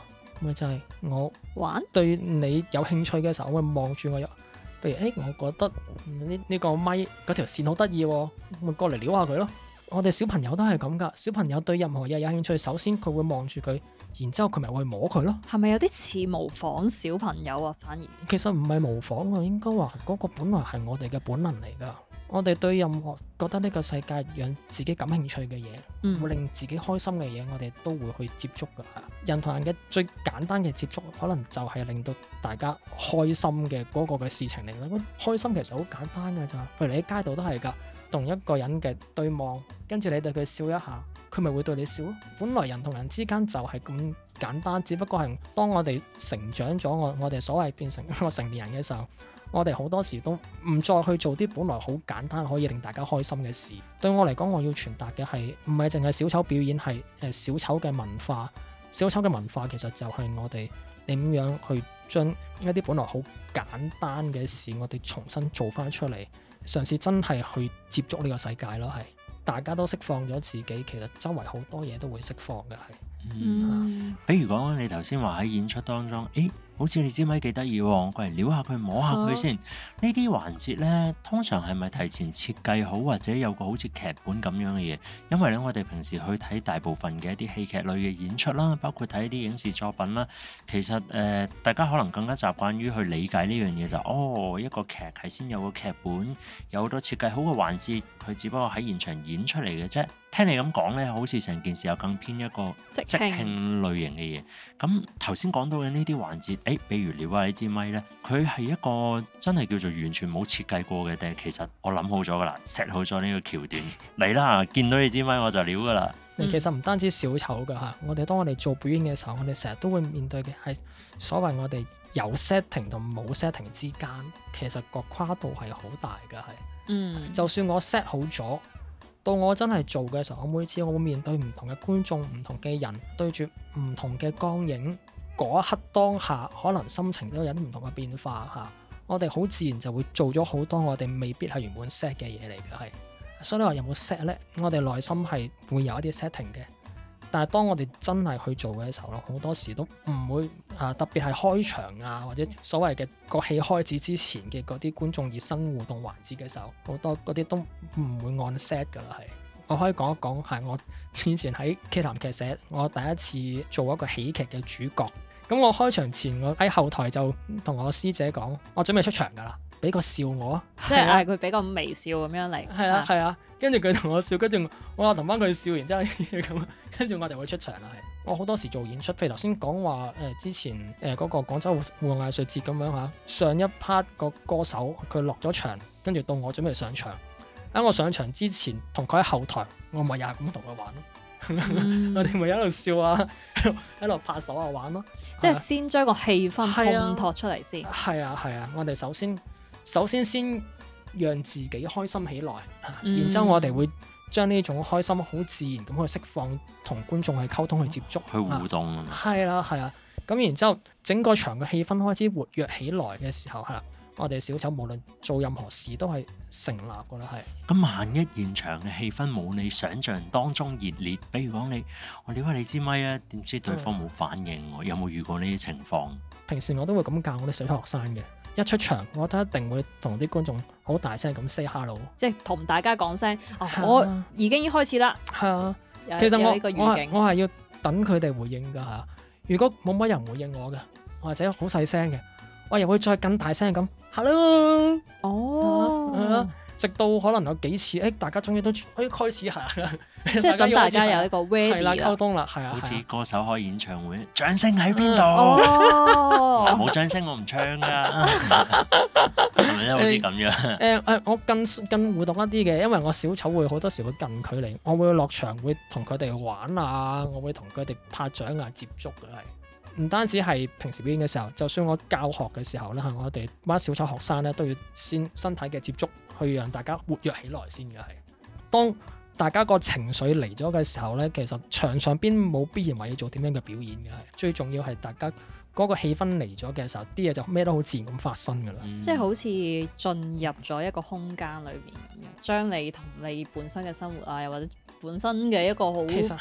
咪就係我玩對你有興趣嘅時候，我會望住我，譬如誒，我覺得呢呢個咪嗰條線好得意，我咪過嚟撩下佢咯。我哋小朋友都係咁噶，小朋友對任何嘢有興趣，首先佢會望住佢，然之後佢咪會摸佢咯。係咪有啲似模仿小朋友啊？反而其實唔係模仿啊，應該話嗰個本來係我哋嘅本能嚟噶。我哋對任何覺得呢個世界讓自己感興趣嘅嘢，嗯、會令自己開心嘅嘢，我哋都會去接觸噶。人同人嘅最簡單嘅接觸，可能就係令到大家開心嘅嗰個嘅事情嚟啦。開心其實好簡單㗎咋，譬如你喺街度都係噶，同一個人嘅對望，跟住你對佢笑一下，佢咪會對你笑咯。本來人同人之間就係咁簡單，只不過係當我哋成長咗，我我哋所謂變成一個成年人嘅時候。我哋好多時都唔再去做啲本來好簡單可以令大家開心嘅事。對我嚟講，我要傳達嘅係，唔係淨係小丑表演，係誒，小丑嘅文化。小丑嘅文化其實就係我哋點樣去將一啲本來好簡單嘅事，我哋重新做返出嚟，嘗試真係去接觸呢個世界咯。係大家都釋放咗自己，其實周圍好多嘢都會釋放嘅。係，嗯，嗯，比如講你頭先話喺演出當中，誒。好似你知唔知幾得意？我過嚟撩下佢，摸下佢先。呢啲環節咧，通常係咪提前設計好或者有個好似劇本咁樣嘅嘢？因為咧，我哋平時去睇大部分嘅一啲戲劇類嘅演出啦，包括睇一啲影視作品啦，其實誒，呃，大家可能更加習慣於去理解呢樣嘢就是，哦，一個劇係先有個劇本，有好多設計好嘅環節，佢只不過喺現場演出嚟嘅啫。聽你咁講咧，好似成件事有更偏一個即興類型嘅嘢。咁頭先講到嘅呢啲環節，誒、欸，比如撩啊，你支咪咧？佢係一個真係叫做完全冇設計過嘅，定係其實我諗好咗噶啦，set 好咗呢個橋段嚟 <laughs> 啦。見到你支咪我就撩噶啦。嗯、其實唔單止小丑噶嚇，我哋當我哋做表演嘅時候，我哋成日都會面對嘅係所謂我哋有 setting 同冇 setting 之間，其實個跨度係好大嘅，係。嗯。就算我 set 好咗，到我真係做嘅時候，我每次我會面對唔同嘅觀眾、唔同嘅人，對住唔同嘅光影，嗰一刻當下，可能心情都有啲唔同嘅變化嚇。我哋好自然就會做咗好多我哋未必係原本 set 嘅嘢嚟嘅，係。所以你話有冇 set 呢？我哋內心係會有一啲 setting 嘅。但係當我哋真係去做嘅時候咯，好多時都唔會啊，特別係開場啊，或者所謂嘅個戲開始之前嘅嗰啲觀眾熱身互動環節嘅時候，好多嗰啲都唔會按 set 㗎啦。係我可以講一講，係我以前喺劇壇劇社，我第一次做一個喜劇嘅主角，咁我開場前我喺後台就同我師姐講，我準備出場㗎啦。畀個笑我，即係嗌佢比較微笑咁樣嚟。係啊係啊，跟住佢同我笑，跟住我話同翻佢笑，完之後咁，跟住我哋會出場啦。我好多時做演出，譬如頭先講話誒之前誒嗰個廣州戶外藝術節咁樣嚇，上一 part 個歌手佢落咗場，跟住到我準備上場，喺我上場之前同佢喺後台，我咪又係咁同佢玩咯，我哋咪一路笑啊，一路拍手啊玩咯，即係先將個氣氛烘托出嚟先。係啊係啊，我哋首先。首先先讓自己開心起來，然之後我哋會將呢種開心好自然咁去釋放，同觀眾去溝通去接觸，去互動、啊。係啦、啊，係啦、啊，咁然之後整個場嘅氣氛開始活躍起來嘅時候，係啦、啊，我哋小丑無論做任何事都係成立嘅啦，係。咁萬一現場嘅氣氛冇你想象當中熱烈，比如講你，我瞭解你支咪啊，點知對方冇反應，有冇遇過呢啲情況？平時我都會咁教我哋小學生嘅。一出場，我覺一定會同啲觀眾好大聲咁 say hello，即係同大家講聲、哦、啊！我已經要開始啦。係啊，其，個其實我我係我係要等佢哋回應㗎嚇。如果冇乜人回應我嘅，或者好細聲嘅，我又會再更大聲咁 hello。哦。啊。直到可能有幾次，誒、哎、大家終於都可以開始行，即係是等 <laughs> 大,大家有一個 way 啦，溝通啦，係啊，好似歌手開演唱會，掌聲喺邊度？冇、哦、 <laughs> 掌聲我唔唱㗎，係咪？ <laughs> <laughs> 好似咁樣？誒誒、嗯呃，我更更互動一啲嘅，因為我小丑會好多時會近距離，我會落場會同佢哋玩啊，我會同佢哋拍掌啊，接觸嘅係。唔單止係平時表演嘅時候，就算我教學嘅時候咧，我哋班小丑學生咧都要先身體嘅接觸，去讓大家活躍起來先嘅。係當大家個情緒嚟咗嘅時候咧，其實場上邊冇必然話要做點樣嘅表演嘅。最重要係大家嗰個氣氛嚟咗嘅時候，啲嘢就咩都好自然咁發生㗎啦。嗯、即係好似進入咗一個空間裏面咁樣，將你同你本身嘅生活啊，又或者本身嘅一個好日常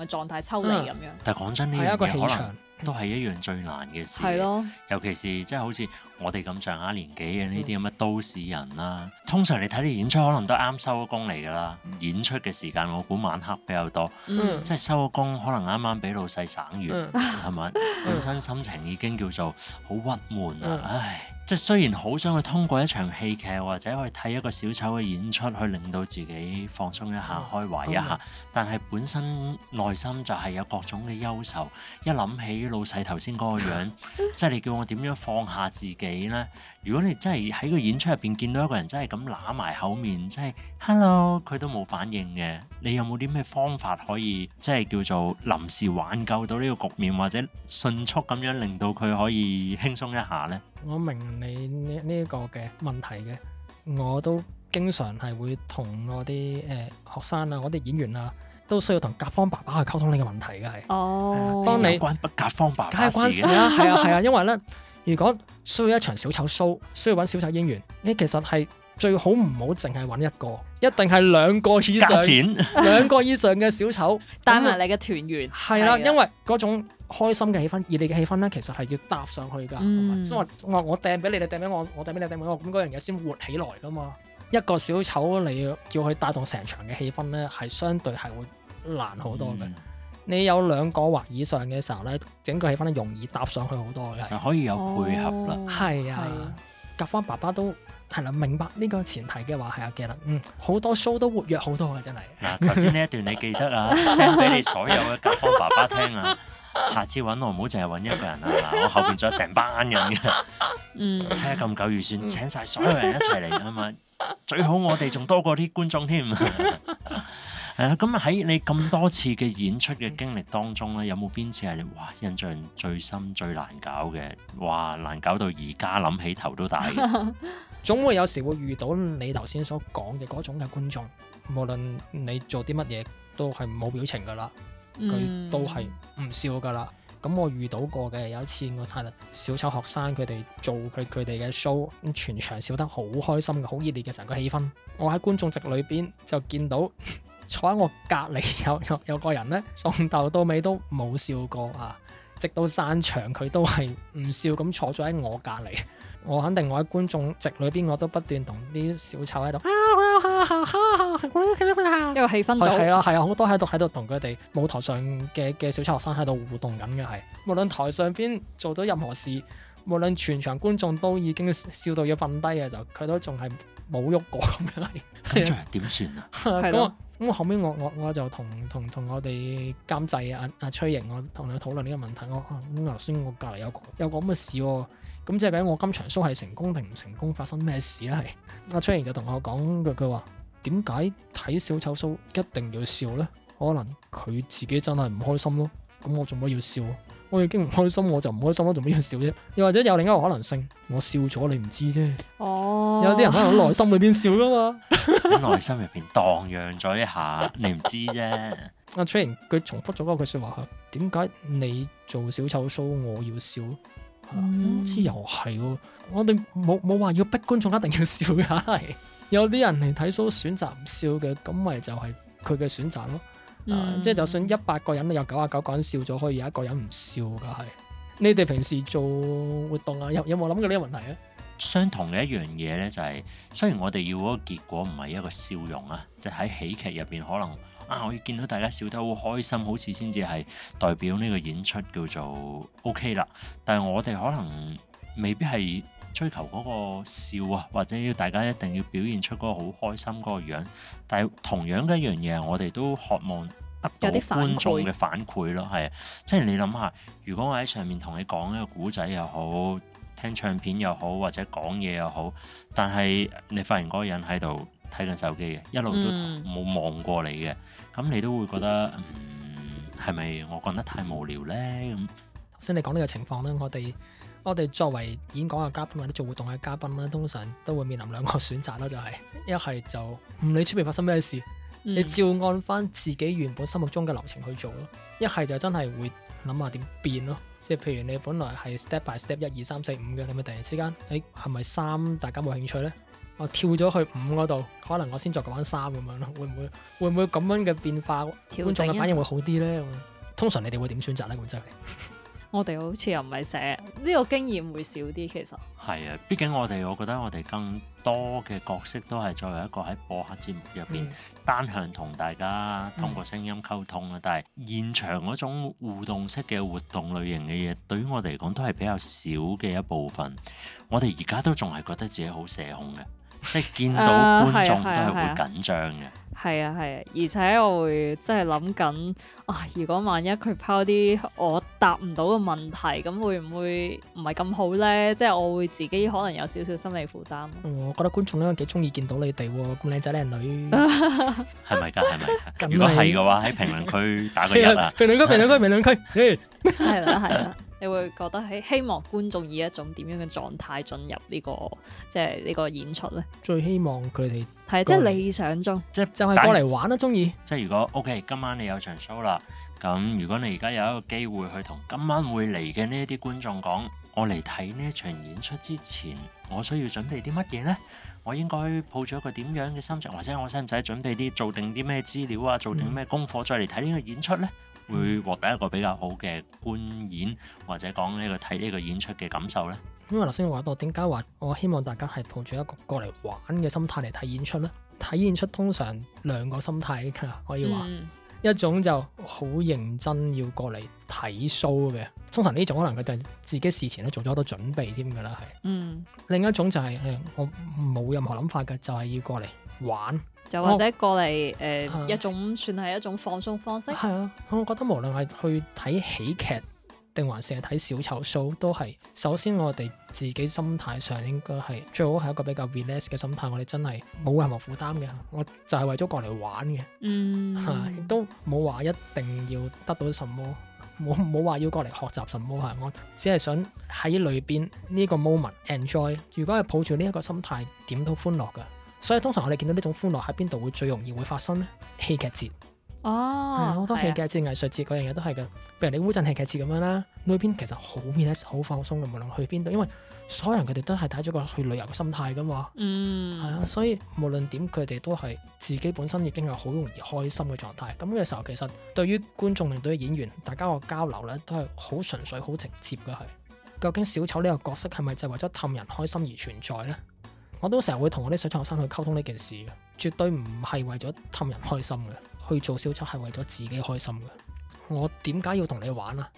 嘅狀態抽離咁、嗯、樣。但係講真呢啲嘢，都係一樣最難嘅事，的尤其是即係、就是、好似我哋咁上下年紀嘅呢啲咁嘅都市人啦。嗯、通常你睇啲演出，可能都啱收咗工嚟㗎啦。嗯、演出嘅時間，我估晚黑比較多，嗯、即係收咗工，可能啱啱俾老細省完，係咪本身心情已經叫做好鬱悶啊？嗯、唉～即係雖然好想去通過一場戲劇或者去睇一個小丑嘅演出，去令到自己放鬆一下、開懷一下，Okay. 但係本身內心就係有各種嘅憂愁。一諗起老細頭先嗰個樣， <laughs> 即係你叫我點樣放下自己呢？如果你真係喺個演出入邊見到一個人真係咁揦埋口面，真係～Hello，佢都冇反應嘅。你有冇啲咩方法可以即係叫做臨時挽救到呢個局面，或者迅速咁樣令到佢可以輕鬆一下呢？我明你呢呢個嘅問題嘅，我都經常係會同我啲誒學生啊、我啲演員啊都需要同甲方爸爸去溝通呢個問題嘅係。哦、Oh. 啊，當你、欸、關不甲方爸爸關事啊，係啊係啊，因為呢，如果需要一場小丑 show show，需要揾小丑演員，呢其實係。最好唔好淨係揾一個，一定係兩個以上，兩個以上嘅小丑帶埋你嘅團員。係啦，因為嗰種開心嘅氣氛、熱烈嘅氣氛咧，其實係要搭上去噶。所以話我我掟俾你，你掟俾我，我掟俾你，掟俾我，咁嗰樣嘢先活起來噶嘛。一個小丑你要佢帶動成場嘅氣氛咧，係相對係會難好多嘅。你有兩個或以上嘅時候咧，整個氣氛容易搭上去好多嘅。可以有配合啦。係啊，夾翻爸爸都。係啦，明白呢個前提嘅話係啊，記得嗯，好多 show 都活躍好多嘅真係。嗱、啊，頭先呢一段你記得啊，send 俾 <laughs> 你所有嘅甲方爸爸聽啊，下次揾我唔好淨係揾一個人啊，我後邊仲有成班人嘅。 <laughs> 嗯，睇下咁久預算，嗯、請晒所有人一齊嚟啊嘛，最好我哋仲多過啲觀眾添、啊。係 <laughs> 啦、啊，咁喺你咁多次嘅演出嘅經歷當中咧，有冇邊次係你哇印象最深、最難搞嘅？哇，難搞到而家諗起頭都大。 <laughs> 總會有時會遇到你頭先所講嘅嗰種嘅觀眾，無論你做啲乜嘢都係冇表情㗎喇，佢都係唔笑㗎喇。咁、嗯、我遇到過嘅有一次，我睇《小丑學生》佢哋做佢佢哋嘅 show，全場笑得好開心嘅，好熱烈嘅成個氣氛。我喺觀眾席裏邊就見到 <laughs> 坐喺我隔離有有有個人呢，從頭到尾都冇笑過啊，直到散場佢都係唔笑咁坐咗喺我隔離。我肯定我喺觀眾席裏邊，我都不斷同啲小丑喺度 <laughs> <laughs> 分，一個氣氛就係咯，係啊，好多喺度喺度同佢哋舞台上嘅嘅小丑學生喺度互動緊嘅係。無論台上邊做到任何事，無論全場觀眾都已經笑到要瞓低嘅時候，佢都仲係冇喐過咁樣係。咁最後點算啊？咁咁後尾我我我就同同同我哋監製阿阿崔瑩我同佢討論呢個問題，我啊，咁頭先我隔離有個有個咁嘅事喎。咁即係講我今場 show 係成功定唔成功，發生咩事啊？係阿崔然就同我講句佢話，點解睇小丑 show 一定要笑呢？可能佢自己真係唔開心咯。咁我做乜要笑？我已經唔開心，我就唔開心咯，做咩要笑啫？又或者有另一個可能性，我笑咗你唔知啫。哦，有啲人可能喺內心裏邊笑噶嘛，喺 <laughs> <laughs> 內心入邊盪漾咗一下，你唔知啫。阿崔然佢重複咗嗰句説話說，點解你做小丑 show 我要笑？好似又係喎，我哋冇冇話要逼觀眾一定要笑嘅係，有啲人嚟睇 show 選擇唔笑嘅，咁咪就係佢嘅選擇咯。啊、呃，即係、嗯、就算一百個人有九啊九個人笑咗，可以有一個人唔笑嘅係。你哋平時做活動啊，有有冇諗過呢個問題啊？相同嘅一樣嘢咧、就是，就係雖然我哋要嗰個結果唔係一個笑容啊，即係喺喜劇入邊可能。啊！我要見到大家笑得好開心，好似先至係代表呢個演出叫做 OK 啦。但係我哋可能未必係追求嗰個笑啊，或者要大家一定要表現出嗰個好開心嗰個樣。但係同樣嘅一樣嘢，我哋都渴望得到觀眾嘅反饋咯。係，即係你諗下，如果我喺上面同你講一個古仔又好，聽唱片又好，或者講嘢又好，但係你發現嗰個人喺度。睇緊手機嘅，一路都冇望過你嘅，咁、嗯、你都會覺得，嗯，係咪我講得太無聊呢？咁頭先你講呢個情況呢，我哋我哋作為演講嘅嘉賓或者做活動嘅嘉賓啦，通常都會面臨兩個選擇啦，就係一係就唔理出面發生咩事，嗯、你照按翻自己原本心目中嘅流程去做咯；一係就真係會諗下點變咯，即係譬如你本來係 step by step 一二三四五嘅，你咪突然之間，誒係咪三大家冇興趣呢？我跳咗去五嗰度，可能我先再講三咁樣咯，會唔會會唔會咁樣嘅變化，觀眾嘅反應會好啲呢？通常你哋會點選擇呢？會真係我哋好似又唔係寫呢個經驗會少啲，其實係啊，畢竟我哋我覺得我哋更多嘅角色都係作為一個喺播客節目入邊、嗯、單向同大家通過聲音溝通啊，嗯、但係現場嗰種互動式嘅活動類型嘅嘢，對於我哋嚟講都係比較少嘅一部分。我哋而家都仲係覺得自己好社恐嘅。即係見到觀眾都係會緊張嘅，係啊係啊，而且我會即係諗緊啊，如果萬一佢拋啲我答唔到嘅問題，咁會唔會唔係咁好咧？即係我會自己可能有少少心理負擔、嗯。我覺得觀眾都幾中意見到你哋，咁靚仔靚女，係咪噶？係咪？然如果係嘅話，喺評論區打個一啦 <laughs> 區！評論區，評論區，評論區，係啦，係啦。你會覺得喺希望觀眾以一種點樣嘅狀態進入呢個即係呢個演出呢？最希望佢哋係即係理想中，即係是就係過嚟玩啦，中意但。爾即係如果 OK，今晚你有場 show 啦，咁如果你而家有一個機會去同今晚會嚟嘅呢一啲觀眾講，我嚟睇呢一場演出之前，我需要準備啲乜嘢呢？我應該抱住一個點樣嘅心情，或者我使唔使準備啲做定啲咩資料啊，做定咩功課再嚟睇呢個演出呢？嗯。會獲得一個比較好嘅觀演，或者講呢、這個睇呢個演出嘅感受呢。因為頭先我話到點解話我希望大家係抱住一個過嚟玩嘅心態嚟睇演出呢？睇演出通常兩個心態，可以話、嗯、一種就好認真要過嚟睇 show 嘅，通常呢種可能佢哋自己事前都做咗好多準備添㗎啦，係。嗯、另一種就係、是、誒、哎、我冇任何諗法嘅，就係、是、要過嚟玩。就或者過嚟，誒，一種算係一種放鬆方式。係啊，我覺得無論係去睇喜劇定還是睇小丑 show，都係首先我哋自己心態上應該係最好係一個比較 relax 嘅心態。我哋真係冇任何負擔嘅，嗯、我就係為咗過嚟玩嘅，嚇係、嗯、都冇話一定要得到什麼，冇冇話要過嚟學習什麼係、啊。我只係想喺裏邊呢個 moment enjoy。如果係抱住呢一個心態，點都歡樂㗎。所以通常我哋見到呢種歡樂喺邊度會最容易會發生呢？戲劇節哦，好、嗯、多戲劇節、的藝術節嗰樣嘢都係嘅，譬如你烏鎮戲劇節咁樣啦，裏邊其實好 r e 好放鬆嘅，無論去邊度，因為所有人佢哋都係帶咗個去旅遊嘅心態噶嘛。嗯，係啊，所以無論點佢哋都係自己本身已經係好容易開心嘅狀態。咁嘅時候其實對於觀眾同對於演員，大家個交流咧都係好純粹、好直接嘅。係，究竟小丑呢個角色係咪就是為咗氹人開心而存在呢？我都成日會同我啲小丑學生去溝通呢件事嘅，絕對唔係為咗氹人開心嘅，去做小丑係為咗自己開心嘅。我點解要同你玩啊？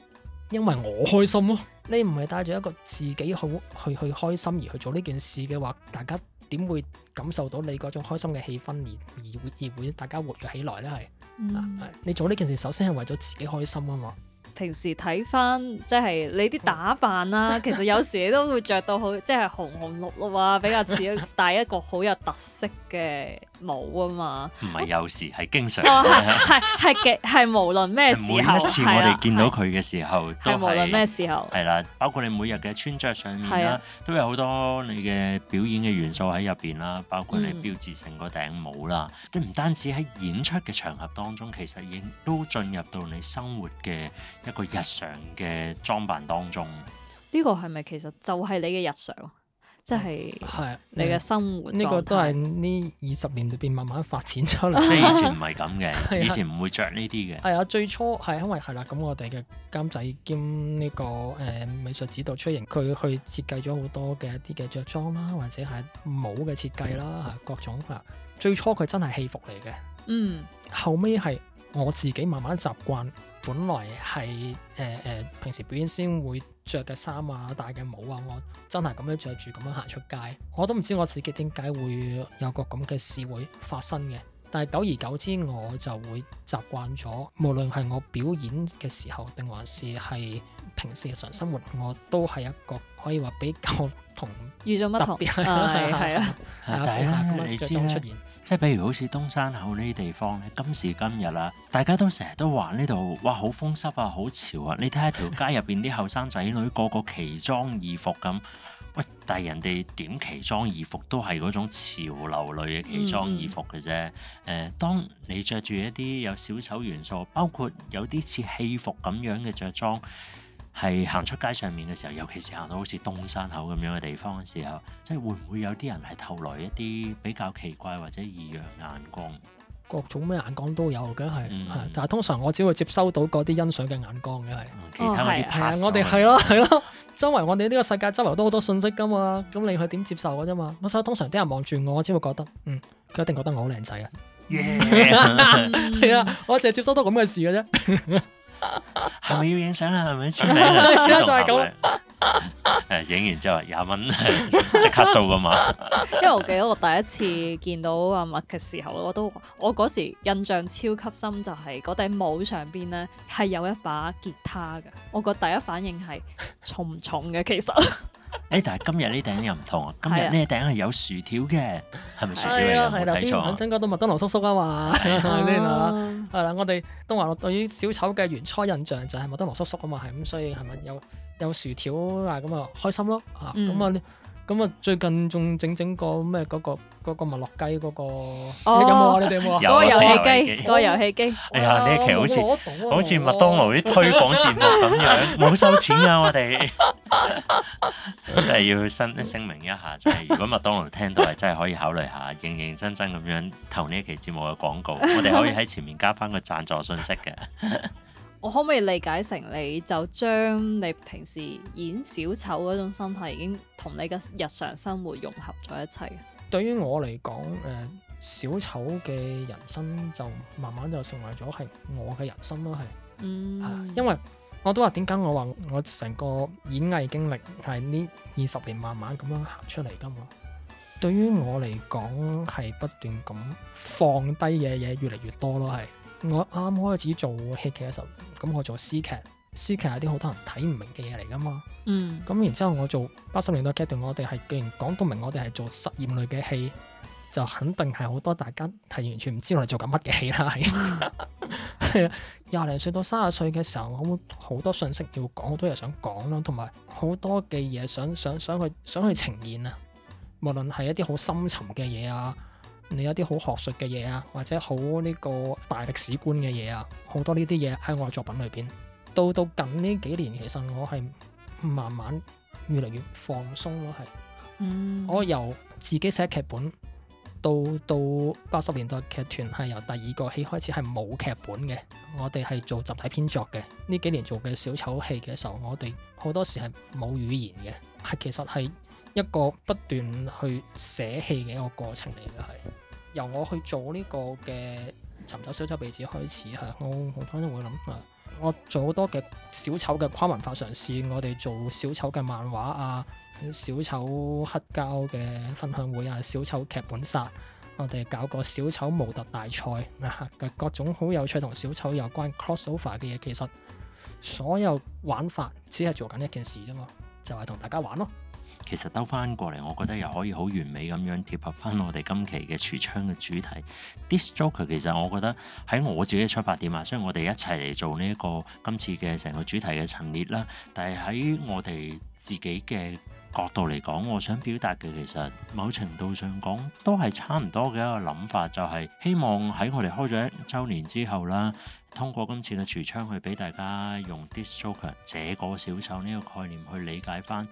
因為我開心咯、啊。你唔係帶住一個自己好去去、去開心而去做呢件事嘅話，大家點會感受到你嗰種開心嘅氣氛，而而會而會大家活躍起來呢？係啊、嗯，你做呢件事，首先係為咗自己開心啊嘛。平時睇翻即係你啲打扮啦， <laughs> 其實有時你都會着到好，即、就、係、是、紅紅綠綠啊，比較似戴一個好有特色嘅帽啊嘛。唔係有時係、哦、經常，係係係係係無論咩時候。每一次我哋見到佢嘅時候，啊、都係是無論咩時候。係啦，包括你每日嘅穿着上面啦，啊、都有好多你嘅表演嘅元素喺入邊啦，包括你標誌性個頂帽啦，嗯、即係唔單止喺演出嘅場合當中，其實亦都進入到你生活嘅，一個日常嘅裝扮當中，呢個係咪其實就係你嘅日常，嗯、即係係你嘅生活？呢、嗯，這個都係呢二十年裏邊慢慢發展出嚟。即以前唔係咁嘅， <laughs> 啊、以前唔會着呢啲嘅。係啊，最初係、啊、因為係啦，咁、啊、我哋嘅監製兼呢、這個誒、呃、美術指導出瑩，佢去設計咗好多嘅一啲嘅着裝啦，或者係帽嘅設計啦，吓、啊、各種吓、啊。最初佢真係戲服嚟嘅，嗯，後尾係我自己慢慢習慣。本來係誒誒平時表演先會着嘅衫啊、戴嘅帽啊，我真係咁樣着住咁樣行出街，我都唔知我自己點解會有個咁嘅事會發生嘅。但係久而久之，我就會習慣咗，無論係我表演嘅時候定還是係平時日常生活，我都係一個可以話比較同遇到乜特別係係啦，阿肥、 <laughs> 哎、啊，你知啦、啊。即係譬如好似東山口呢啲地方咧，今時今日啦，大家都成日都話呢度，哇，好風濕啊，好潮啊！你睇下條街入邊啲後生仔女， <laughs> 個個奇裝異服咁。喂，但係人哋點奇裝異服都係嗰種潮流類嘅奇裝異服嘅啫。誒、嗯，當你着住一啲有小丑元素，包括有啲似戲服咁樣嘅着裝。係行出街上面嘅時候，尤其是行到好似東山口咁樣嘅地方嘅時候，即係會唔會有啲人係投來一啲比較奇怪或者異樣眼光？各種咩眼光都有嘅係。嗯，但係通常我只會接收到嗰啲欣賞嘅眼光嘅係。其他，哦，是我哋係咯係咯，周圍我哋呢個世界周圍都好多信息，噶嘛，咁你去點接受嘅啫嘛？我通常啲人望住我，我只會覺得，嗯，佢一定覺得我好靚仔嘅。係啊。Yeah. <laughs> 我淨係接收到咁嘅事嘅啫。 <laughs> 係咪 <laughs> 要影相呀？係咪？而家 <laughs> 就係咁。誒，影完之後廿蚊，即 <laughs> 刻數噶嘛。 <laughs> 因為我記得我第一次見到阿麥嘅時候，我都我嗰時印象超級深，就係嗰頂帽上邊咧係有一把吉他嘅。我個第一反應係重唔重嘅？其實。誒、哎，但係今日呢頂又唔同啊！今日呢頂係有薯條嘅，係咪是、啊、薯條啊？冇睇、啊、錯、啊。啱先講到麥當勞叔叔啊嘛，係咪咩啊？係啦、 <laughs> 啊，我哋東華樂對於小丑嘅原初印象就係麥當勞叔叔啊嘛，係咁、啊，所以係咪有有薯條啊？咁啊，開心咯、嗯、啊，咁啊。咁啊！最近仲整整個咩、那、嗰個嗰、那個麥、那個、樂雞嗰、那個，哦、有冇啊你哋？有冇？個遊戲機，個遊戲機。哎呀呦，呢一哇期好似、啊、好似麥當勞啲推廣節目咁樣，冇 <laughs> 收錢啊！我哋 <laughs> 真係要申聲明一下，就係、是、如果麥當勞聽到係 <laughs> 真係可以考慮下，認認真真咁樣投呢一期節目嘅廣告，我哋可以喺前面加翻個贊助信息嘅。 <laughs> 我可唔可以理解成你就將你平時演小丑嗰種心態，已經同你嘅日常生活融合在一齊？對於我嚟講，誒、呃，小丑嘅人生就慢慢就成為咗係我嘅人生咯，係，嗯、啊，因為我都話點解我話我成個演藝經歷係呢二十年慢慢咁樣行出嚟噶嘛？對於我嚟講，係不斷咁放低嘅嘢，越嚟越多咯，係。我啱開始做戲劇嘅時候，咁我做詩劇，詩劇係啲好多人睇唔明嘅嘢嚟㗎嘛。咁、嗯、然之後我做八十年代劇段，我哋係既然講到明，我哋係做實驗類嘅戲，就肯定係好多大家係完全唔知我哋做緊乜嘅戲啦。係啊，廿零歲到三十歲嘅時候，我好多信息要講，好多嘢想講咯，同埋好多嘅嘢想想想去想去呈現啊，無論係一啲好深沉嘅嘢啊。你有啲好學術嘅嘢啊，或者好呢個大歷史觀嘅嘢啊，好多呢啲嘢喺我作品裏邊。到到近呢幾年，其實我係慢慢越嚟越放鬆咯，係。嗯。我由自己寫劇本，到到八十年代劇團係由第二個戲開始係冇劇本嘅，我哋係做集體編作嘅。呢幾年做嘅小丑戲嘅時候，我哋好多時係冇語言嘅，係其實係。一個不斷去捨棄嘅一個過程嚟嘅，係由我去做呢個嘅尋找小丑鼻子開始。係，我我當然會諗啊，我做好多嘅小丑嘅跨文化嘗試，我哋做小丑嘅漫畫啊，小丑黑膠嘅分享會啊，小丑劇本殺，我哋搞個小丑模特大賽啊嘅各種好有趣同小丑有關 crossover 嘅嘢。其實所有玩法只係做緊一件事啫嘛，就係、是、同大家玩咯。其實兜翻過嚟，我覺得又可以好完美咁樣貼合翻我哋今期嘅櫥窗嘅主題。This Joker 其實我覺得喺我自己嘅出發點啊，所以我哋一齊嚟做呢、這、一個今次嘅成個主題嘅陳列啦。但係喺我哋自己嘅角度嚟講，我想表達嘅其實某程度上講都係差唔多嘅一個諗法，就係、是、希望喺我哋開咗一周年之後啦，通過今次嘅櫥窗去俾大家用 This Joker 這個小丑呢個概念去理解翻。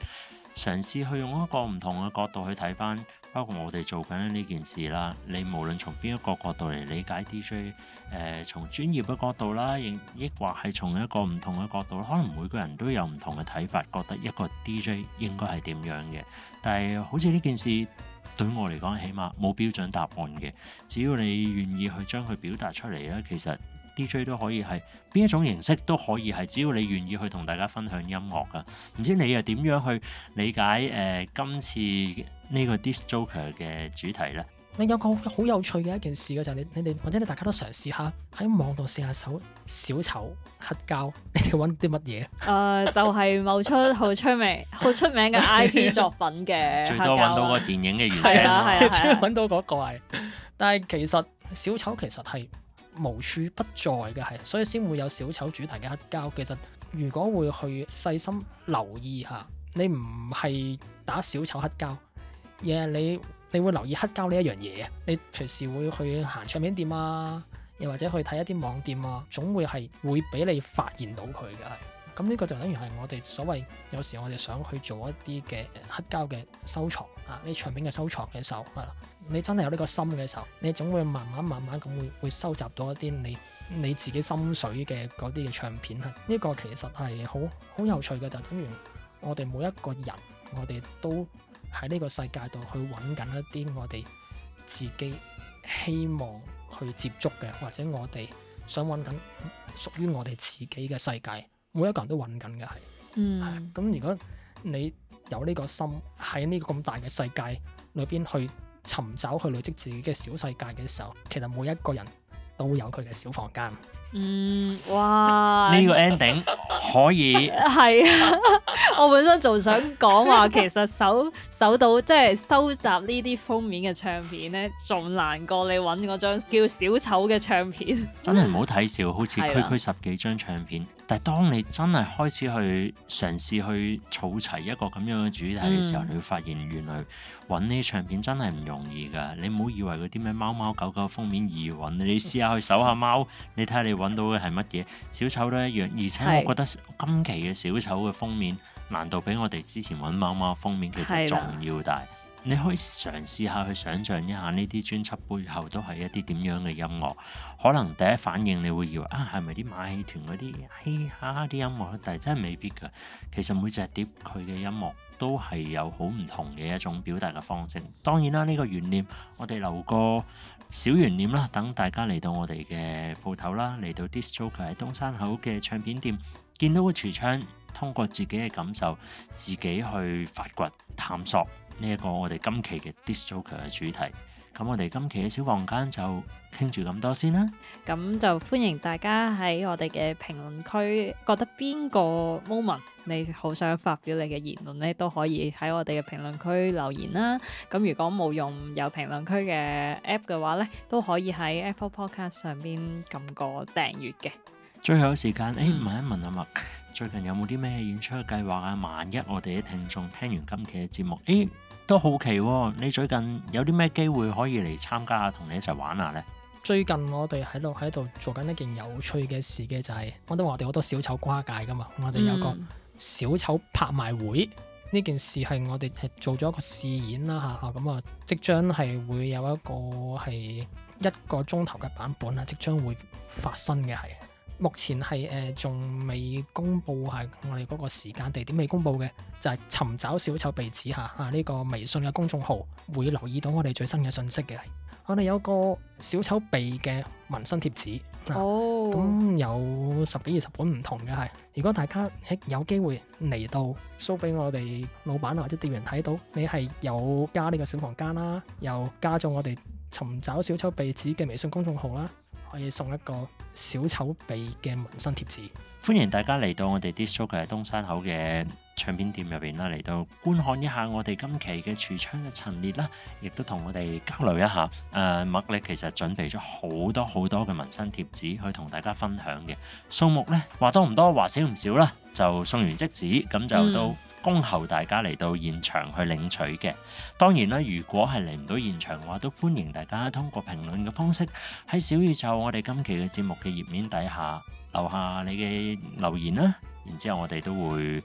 嘗試去用一個唔同嘅角度去睇翻，包括我哋做緊呢件事啦。你無論從邊一個角度嚟理解 DJ，誒、呃、從專業嘅角度啦，亦或係從一個唔同嘅角度，可能每個人都有唔同嘅睇法，覺得一個 DJ 應該係點樣嘅。但係好似呢件事對我嚟講，起碼冇標準答案嘅。只要你願意去將佢表達出嚟咧，其實～DJ 都可以係邊一種形式都可以係，只要你願意去同大家分享音樂㗎。唔知你又點樣去理解誒、呃、今次呢個 This Joker 嘅主題咧？你有個好有趣嘅一件事嘅就係、是、你你哋或者你大家都嘗試下喺網度試下手小丑黑膠，你哋揾啲乜嘢？誒， <laughs> uh, 就係某出好出名、好出名嘅 IP 作品嘅。 <laughs> 最多揾到個電影嘅原聲、啊，揾 <laughs> <laughs> 到嗰個係、啊。 <laughs> <laughs> <laughs> 但係其實小丑其實係。無處不在嘅係，所以先會有小丑主題嘅黑膠。其實如果會去細心留意下，你唔係打小丑黑膠，而你你會留意黑膠呢一樣嘢。你隨時會去行唱片店啊，又或者去睇一啲網店啊，總會係會俾你發現到佢嘅係。咁呢個就等於係我哋所謂有時我哋想去做一啲嘅黑膠嘅收藏啊，啲唱片嘅收藏嘅時候，係啦，你真係有呢個心嘅時候，你總會慢慢慢慢咁會會收集到一啲你你自己心水嘅嗰啲嘅唱片。係，呢個其實係好好有趣嘅，就等於我哋每一個人，我哋都喺呢個世界度去揾緊一啲我哋自己希望去接觸嘅，或者我哋想揾緊屬於我哋自己嘅世界。每一個人都揾緊嘅係，咁、嗯啊、如果你有呢個心喺呢個咁大嘅世界裏邊，去尋找、去累積自己嘅小世界嘅時候，其實每一個人都有佢嘅小房間。嗯，哇！呢個 ending 可以係 <laughs> 啊，我本身仲想講話，其實搜搜到即係收集呢啲封面嘅唱片呢，仲難過你揾嗰張叫小丑嘅唱片。真係唔好睇笑，好似區區十幾張唱片，的但係當你真係開始去嘗試去儲齊一個咁樣嘅主題嘅時候，嗯、你會發現原來。揾呢啲唱片真係唔容易㗎，你唔好以為嗰啲咩貓貓狗狗封面易揾，你試下去搜下貓， <laughs> 你睇下你揾到嘅係乜嘢？小丑都一樣，而且我覺得今期嘅小丑嘅封面是難度比我哋之前揾貓貓封面其實仲要大。的你可以嘗試下去想像一下呢啲專輯背後都係一啲點樣嘅音樂。可能第一反應你會以為啊，係咪啲馬戲團嗰啲嘻哈啲音樂？但係真係未必㗎。其實每隻碟佢嘅音樂都係有好唔同嘅一種表達嘅方式。當然啦，呢、這個懸念我哋留個小懸念啦，等大家嚟到我哋嘅鋪頭啦，嚟到 DISC JOKER，佢喺東山口嘅唱片店見到個櫥窗，通過自己嘅感受，自己去發掘探索。呢一個我哋今期嘅 DISC JOKER 嘅主題，咁我哋今期嘅小房間就傾住咁多先啦。咁就歡迎大家喺我哋嘅評論區，覺得邊個 moment 你好想發表你嘅言論咧，都可以喺我哋嘅評論區留言啦。咁如果冇用有評論區嘅 app 嘅話咧，都可以喺 Apple Podcast 上邊撳個訂閱嘅。最後時間、嗯、誒，問一問阿麥，最近有冇啲咩演出嘅計劃啊？萬一我哋啲聽眾聽完今期嘅節目誒～都好奇喎，哦，你最近有啲咩機會可以嚟參加同你一齊玩下呢？最近我哋喺度喺度做緊一件有趣嘅事嘅，就是，就係我都話我哋好多小丑跨界噶嘛，我哋有個小丑拍賣會呢、嗯、件事係我哋係做咗一個試演啦吓，咁啊即將係會有一個係一個鐘頭嘅版本啊，即將會發生嘅係。目前係誒仲未公布，係我哋嗰個時間地點未公布嘅，就係、是、尋找小丑鼻子嚇嚇呢個微信嘅公眾號，會留意到我哋最新嘅信息嘅、啊。我哋有個小丑鼻嘅紋身貼紙，咁、啊、有十幾二十本唔同嘅係、啊。如果大家喺有機會嚟到，show 俾我哋老闆或者店員睇到，你係有加呢個小房間啦，又加咗我哋尋找小丑鼻子嘅微信公眾號啦。我要送一個小丑鼻嘅紋身貼紙，歡迎大家嚟到我哋 DISC JOKER 喺東山口嘅，唱片店入邊啦，嚟到觀看一下我哋今期嘅櫥窗嘅陳列啦，亦都同我哋交流一下。誒、呃、麥力其實準備咗好多好多嘅紋身貼紙去同大家分享嘅數目呢，話多唔多話少唔少啦，就送完即止，咁就到恭候大家嚟到現場去領取嘅。嗯、當然啦，如果係嚟唔到現場嘅話，都歡迎大家通過評論嘅方式喺小宇宙我哋今期嘅節目嘅頁面底下留下你嘅留言啦。然之後，我哋都會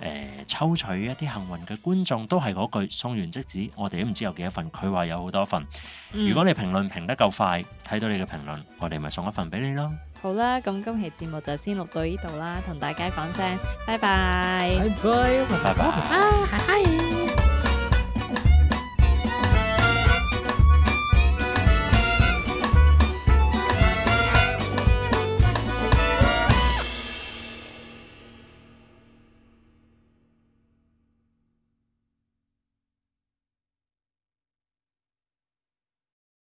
誒抽取一啲幸運嘅觀眾，都係嗰句送完即止。我哋都唔知有幾多份，佢話有好多份。如果你評論評得夠快，睇到你嘅評論，我哋咪送一份俾你咯。好啦，咁今期節目就先錄到呢度啦，同大家講聲拜拜。拜拜，拜拜，拜拜。